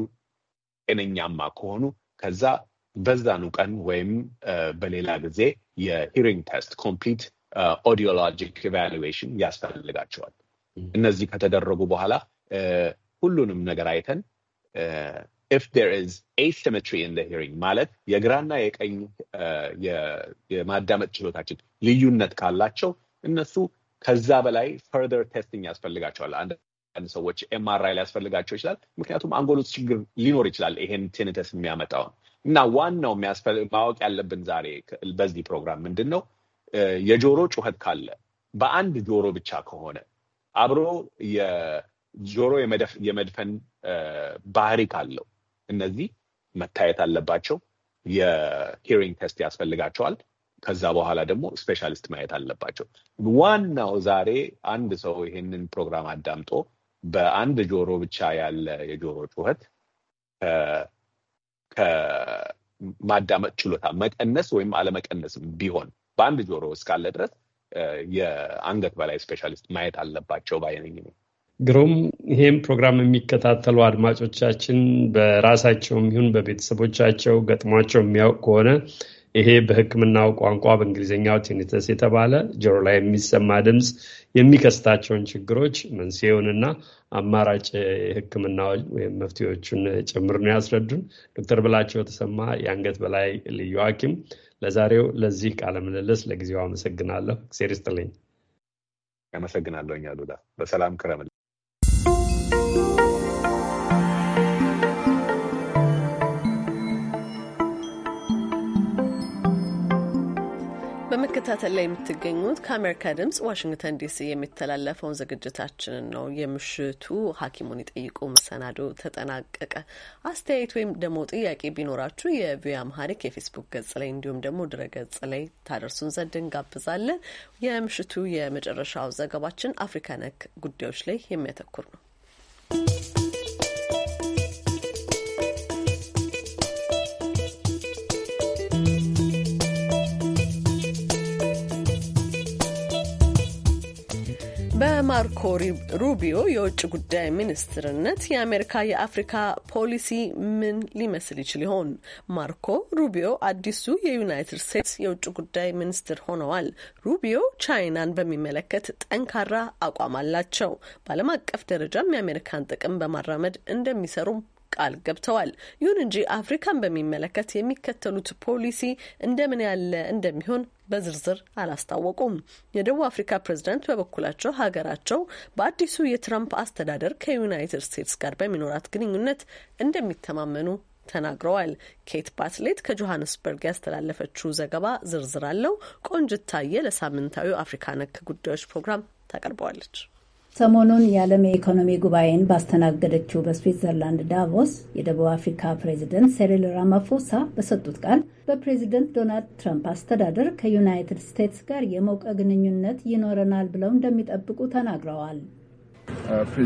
ጤነኛማ ከሆኑ ከዛ በዛኑ ቀን ወይም በሌላ ጊዜ የሂሪንግ ቴስት ኮምፕሊት ኦዲዮሎጂክ ኤቫሉዌሽን ያስፈልጋቸዋል። እነዚህ ከተደረጉ በኋላ ሁሉንም ነገር አይተን ኢፍ ዜር ኢዝ ኤሲሜትሪ ኢን ዘ ሂሪንግ ማለት የግራና የቀኝ የማዳመጥ ችሎታችን ልዩነት ካላቸው እነሱ ከዛ በላይ ፈርደር ቴስቲንግ ያስፈልጋቸዋል። አንዳንድ ሰዎች ኤምአርአይ ሊያስፈልጋቸው ይችላል። ምክንያቱም አንጎል ችግር ሊኖር ይችላል። ይሄን ቲንተስ የሚያመጣውን እና ዋናው ማወቅ ያለብን ዛሬ በዚህ ፕሮግራም ምንድን ነው የጆሮ ጩኸት ካለ በአንድ ጆሮ ብቻ ከሆነ አብሮ ጆሮ የመድፈን ባህሪ ካለው እነዚህ መታየት አለባቸው። የሂሪንግ ቴስት ያስፈልጋቸዋል። ከዛ በኋላ ደግሞ ስፔሻሊስት ማየት አለባቸው። ዋናው ዛሬ አንድ ሰው ይህንን ፕሮግራም አዳምጦ በአንድ ጆሮ ብቻ ያለ የጆሮ ጩኸት ከማዳመጥ ችሎታ መቀነስ ወይም አለመቀነስ ቢሆን በአንድ ጆሮ እስካለ ድረስ የአንገት በላይ ስፔሻሊስት ማየት አለባቸው ባይነኝ ነው። ግሩም ይሄም ፕሮግራም የሚከታተሉ አድማጮቻችን በራሳቸውም ይሁን በቤተሰቦቻቸው ገጥሟቸው የሚያውቅ ከሆነ ይሄ በህክምናው ቋንቋ በእንግሊዝኛው ቲኒተስ የተባለ ጆሮ ላይ የሚሰማ ድምፅ የሚከስታቸውን ችግሮች መንስኤውንና አማራጭ ሕክምና ወይም መፍትሄዎቹን ጭምር ነው ያስረዱን ዶክተር ብላቸው ተሰማ የአንገት በላይ ልዩ ሀኪም ለዛሬው ለዚህ ቃለ ምልልስ ለጊዜው አመሰግናለሁ። እግዜር ይስጥልኝ። አመሰግናለሁ። እኛ ሉላ በሰላም ክረምል በመከታተል ላይ የምትገኙት ከአሜሪካ ድምጽ ዋሽንግተን ዲሲ የሚተላለፈውን ዝግጅታችንን ነው። የምሽቱ ሐኪሙን ይጠይቁ መሰናዶ ተጠናቀቀ። አስተያየት ወይም ደግሞ ጥያቄ ቢኖራችሁ የቪ አምሃሪክ የፌስቡክ ገጽ ላይ እንዲሁም ደግሞ ድረ ገጽ ላይ ታደርሱን ዘንድ እንጋብዛለን። የምሽቱ የመጨረሻው ዘገባችን አፍሪካ ነክ ጉዳዮች ላይ የሚያተኩር ነው። ማርኮ ሩቢዮ የውጭ ጉዳይ ሚኒስትርነት የአሜሪካ የአፍሪካ ፖሊሲ ምን ሊመስል ይችል ይሆን? ማርኮ ሩቢዮ አዲሱ የዩናይትድ ስቴትስ የውጭ ጉዳይ ሚኒስትር ሆነዋል። ሩቢዮ ቻይናን በሚመለከት ጠንካራ አቋም አላቸው። በዓለም አቀፍ ደረጃም የአሜሪካን ጥቅም በማራመድ እንደሚሰሩም ቃል ገብተዋል። ይሁን እንጂ አፍሪካን በሚመለከት የሚከተሉት ፖሊሲ እንደምን ያለ እንደሚሆን በዝርዝር አላስታወቁም። የደቡብ አፍሪካ ፕሬዝዳንት በበኩላቸው ሀገራቸው በአዲሱ የትራምፕ አስተዳደር ከዩናይትድ ስቴትስ ጋር በሚኖራት ግንኙነት እንደሚተማመኑ ተናግረዋል። ኬት ባትሌት ከጆሀንስበርግ ያስተላለፈችው ዘገባ ዝርዝር አለው። ቆንጅታየ ለሳምንታዊ አፍሪካ ነክ ጉዳዮች ፕሮግራም ታቀርበዋለች። ሰሞኑን የዓለም የኢኮኖሚ ጉባኤን ባስተናገደችው በስዊትዘርላንድ ዳቮስ የደቡብ አፍሪካ ፕሬዚደንት ሴሪል ራማፎሳ በሰጡት ቃል በፕሬዚደንት ዶናልድ ትራምፕ አስተዳደር ከዩናይትድ ስቴትስ ጋር የሞቀ ግንኙነት ይኖረናል ብለው እንደሚጠብቁ ተናግረዋል። uh,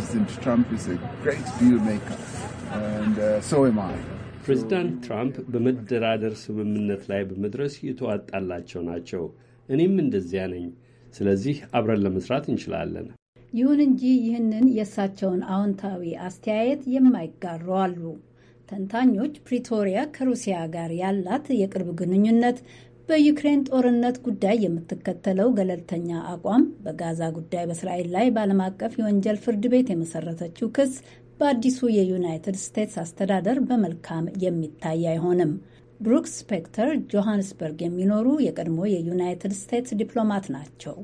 uh, ፕሬዚዳንት ትራምፕ በመደራደር ስምምነት ላይ በመድረስ የተዋጣላቸው ናቸው። እኔም እንደዚያ ነኝ። ስለዚህ አብረን ለመስራት እንችላለን። ይሁን እንጂ ይህንን የእሳቸውን አዎንታዊ አስተያየት የማይጋሩ አሉ። ተንታኞች ፕሪቶሪያ ከሩሲያ ጋር ያላት የቅርብ ግንኙነት፣ በዩክሬን ጦርነት ጉዳይ የምትከተለው ገለልተኛ አቋም፣ በጋዛ ጉዳይ በእስራኤል ላይ በዓለም አቀፍ የወንጀል ፍርድ ቤት የመሰረተችው ክስ በአዲሱ የዩናይትድ ስቴትስ አስተዳደር በመልካም የሚታይ አይሆንም። ብሩክ ስፔክተር ጆሃንስበርግ የሚኖሩ የቀድሞ የዩናይትድ ስቴትስ ዲፕሎማት ናቸው።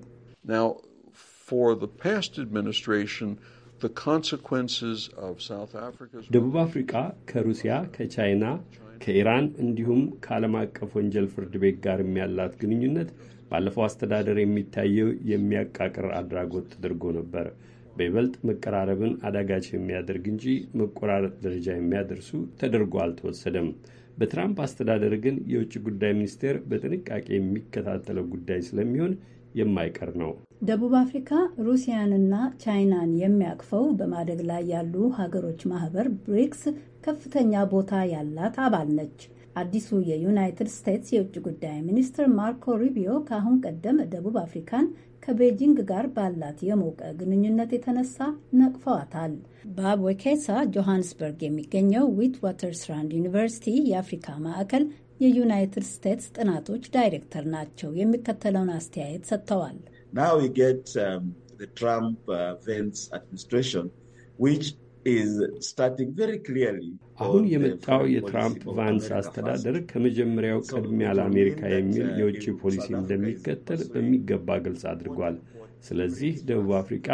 ደቡብ አፍሪካ ከሩሲያ፣ ከቻይና፣ ከኢራን እንዲሁም ከዓለም አቀፍ ወንጀል ፍርድ ቤት ጋርም ያላት ግንኙነት ባለፈው አስተዳደር የሚታየው የሚያቃቅር አድራጎት ተደርጎ ነበር። በይበልጥ መቀራረብን አዳጋች የሚያደርግ እንጂ መቆራረጥ ደረጃ የሚያደርሱ ተደርጎ አልተወሰደም። በትራምፕ አስተዳደር ግን የውጭ ጉዳይ ሚኒስቴር በጥንቃቄ የሚከታተለው ጉዳይ ስለሚሆን የማይቀር ነው። ደቡብ አፍሪካ ሩሲያንና ቻይናን የሚያቅፈው በማደግ ላይ ያሉ ሀገሮች ማህበር ብሪክስ ከፍተኛ ቦታ ያላት አባል ነች። አዲሱ የዩናይትድ ስቴትስ የውጭ ጉዳይ ሚኒስትር ማርኮ ሩቢዮ ከአሁን ቀደም ደቡብ አፍሪካን ከቤጂንግ ጋር ባላት የሞቀ ግንኙነት የተነሳ ነቅፈዋታል። ባብ ወኬሳ ጆሃንስበርግ የሚገኘው ዊት ዋተርስራንድ ዩኒቨርሲቲ የአፍሪካ ማዕከል የዩናይትድ ስቴትስ ጥናቶች ዳይሬክተር ናቸው። የሚከተለውን አስተያየት ሰጥተዋል። um, uh, አሁን የመጣው የትራምፕ ቫንስ አስተዳደር ከመጀመሪያው ቅድሚያ ለአሜሪካ የሚል uh, የውጭ ፖሊሲ እንደሚከተል በሚገባ ግልጽ አድርጓል። ስለዚህ ደቡብ አፍሪካ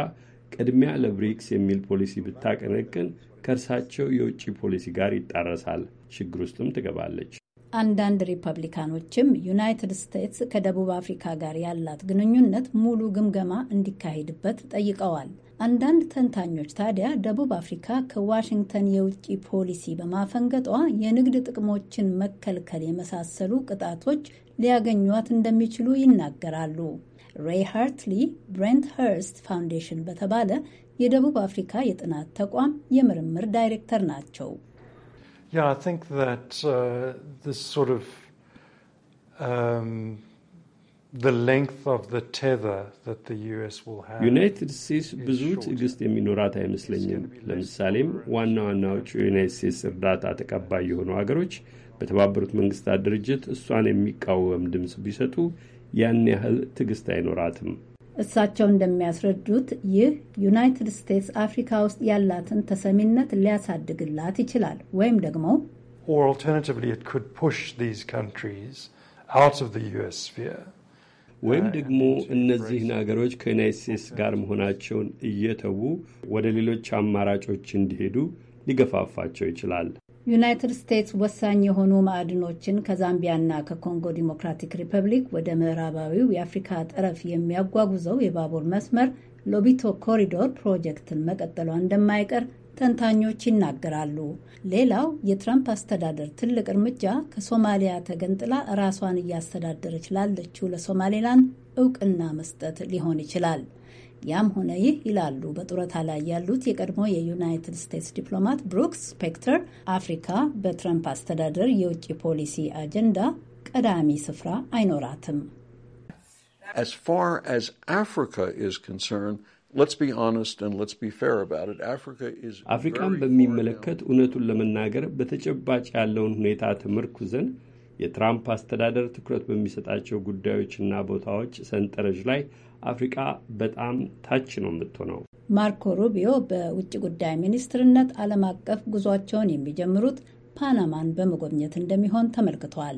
ቅድሚያ ለብሪክስ የሚል ፖሊሲ ብታቀነቅን ከእርሳቸው የውጭ ፖሊሲ ጋር ይጣረሳል፣ ችግር ውስጥም ትገባለች። አንዳንድ ሪፐብሊካኖችም ዩናይትድ ስቴትስ ከደቡብ አፍሪካ ጋር ያላት ግንኙነት ሙሉ ግምገማ እንዲካሄድበት ጠይቀዋል። አንዳንድ ተንታኞች ታዲያ ደቡብ አፍሪካ ከዋሽንግተን የውጭ ፖሊሲ በማፈንገጧ የንግድ ጥቅሞችን መከልከል የመሳሰሉ ቅጣቶች ሊያገኟት እንደሚችሉ ይናገራሉ። ሬይ ሃርትሊ ብሬንት ኸርስት ፋውንዴሽን በተባለ የደቡብ አፍሪካ የጥናት ተቋም የምርምር ዳይሬክተር ናቸው። Yeah, I think that uh, this sort of um, the length of the tether that the US will have ዩናይትድ ስቴትስ ብዙ ትዕግስት የሚኖራት አይመስለኝም። ለምሳሌም ዋና ዋናዎቹ የዩናይትድ ስቴትስ እርዳታ ተቀባይ የሆኑ ሀገሮች በተባበሩት መንግስታት ድርጅት እሷን የሚቃወም ድምፅ ቢሰጡ ያን ያህል ትዕግስት አይኖራትም። እሳቸው እንደሚያስረዱት ይህ ዩናይትድ ስቴትስ አፍሪካ ውስጥ ያላትን ተሰሚነት ሊያሳድግላት ይችላል ወይም ደግሞ ወይም uh, ደግሞ እነዚህን አገሮች ከዩናይት ስቴትስ ጋር መሆናቸውን እየተዉ ወደ ሌሎች አማራጮች እንዲሄዱ ሊገፋፋቸው ይችላል። ዩናይትድ ስቴትስ ወሳኝ የሆኑ ማዕድኖችን ከዛምቢያና ከኮንጎ ዲሞክራቲክ ሪፐብሊክ ወደ ምዕራባዊው የአፍሪካ ጠረፍ የሚያጓጉዘው የባቡር መስመር ሎቢቶ ኮሪዶር ፕሮጀክትን መቀጠሏ እንደማይቀር ተንታኞች ይናገራሉ። ሌላው የትራምፕ አስተዳደር ትልቅ እርምጃ ከሶማሊያ ተገንጥላ ራሷን እያስተዳደረች ላለችው ለሶማሌላንድ እውቅና መስጠት ሊሆን ይችላል። ያም ሆነ ይህ ይላሉ በጡረታ ላይ ያሉት የቀድሞ የዩናይትድ ስቴትስ ዲፕሎማት ብሩክስ ስፔክተር፣ አፍሪካ በትረምፕ አስተዳደር የውጭ ፖሊሲ አጀንዳ ቀዳሚ ስፍራ አይኖራትም። አፍሪካን በሚመለከት እውነቱን ለመናገር በተጨባጭ ያለውን ሁኔታ ተመርኩዘን የትራምፕ አስተዳደር ትኩረት በሚሰጣቸው ጉዳዮችና ቦታዎች ሰንጠረዥ ላይ አፍሪቃ በጣም ታች ነው የምትሆነው። ማርኮ ሩቢዮ በውጭ ጉዳይ ሚኒስትርነት ዓለም አቀፍ ጉዟቸውን የሚጀምሩት ፓናማን በመጎብኘት እንደሚሆን ተመልክቷል።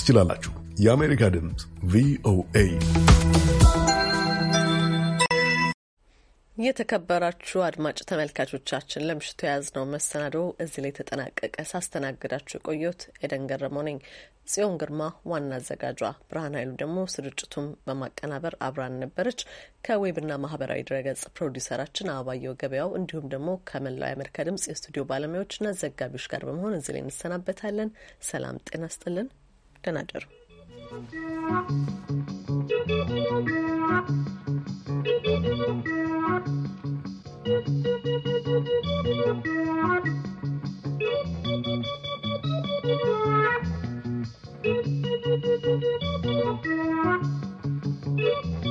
ትችላላችሁ። የአሜሪካ ድምፅ ቪኦኤ። የተከበራችሁ አድማጭ ተመልካቾቻችን ለምሽቱ የያዝነው መሰናዶ እዚህ ላይ ተጠናቀቀ። ሳስተናግዳችሁ የቆየሁት ኤደን ገረመው ነኝ። ጽዮን ግርማ ዋና አዘጋጇ፣ ብርሃን ኃይሉ ደግሞ ስርጭቱን በማቀናበር አብራን ነበረች። ከዌብና ማህበራዊ ድረገጽ ፕሮዲሰራችን አበባየው ገበያው እንዲሁም ደግሞ ከመላው የአሜሪካ ድምጽ የስቱዲዮ ባለሙያዎችና ዘጋቢዎች ጋር በመሆን እዚህ ላይ እንሰናበታለን። ሰላም ጤና ስጥልን። ደህና እደሩ።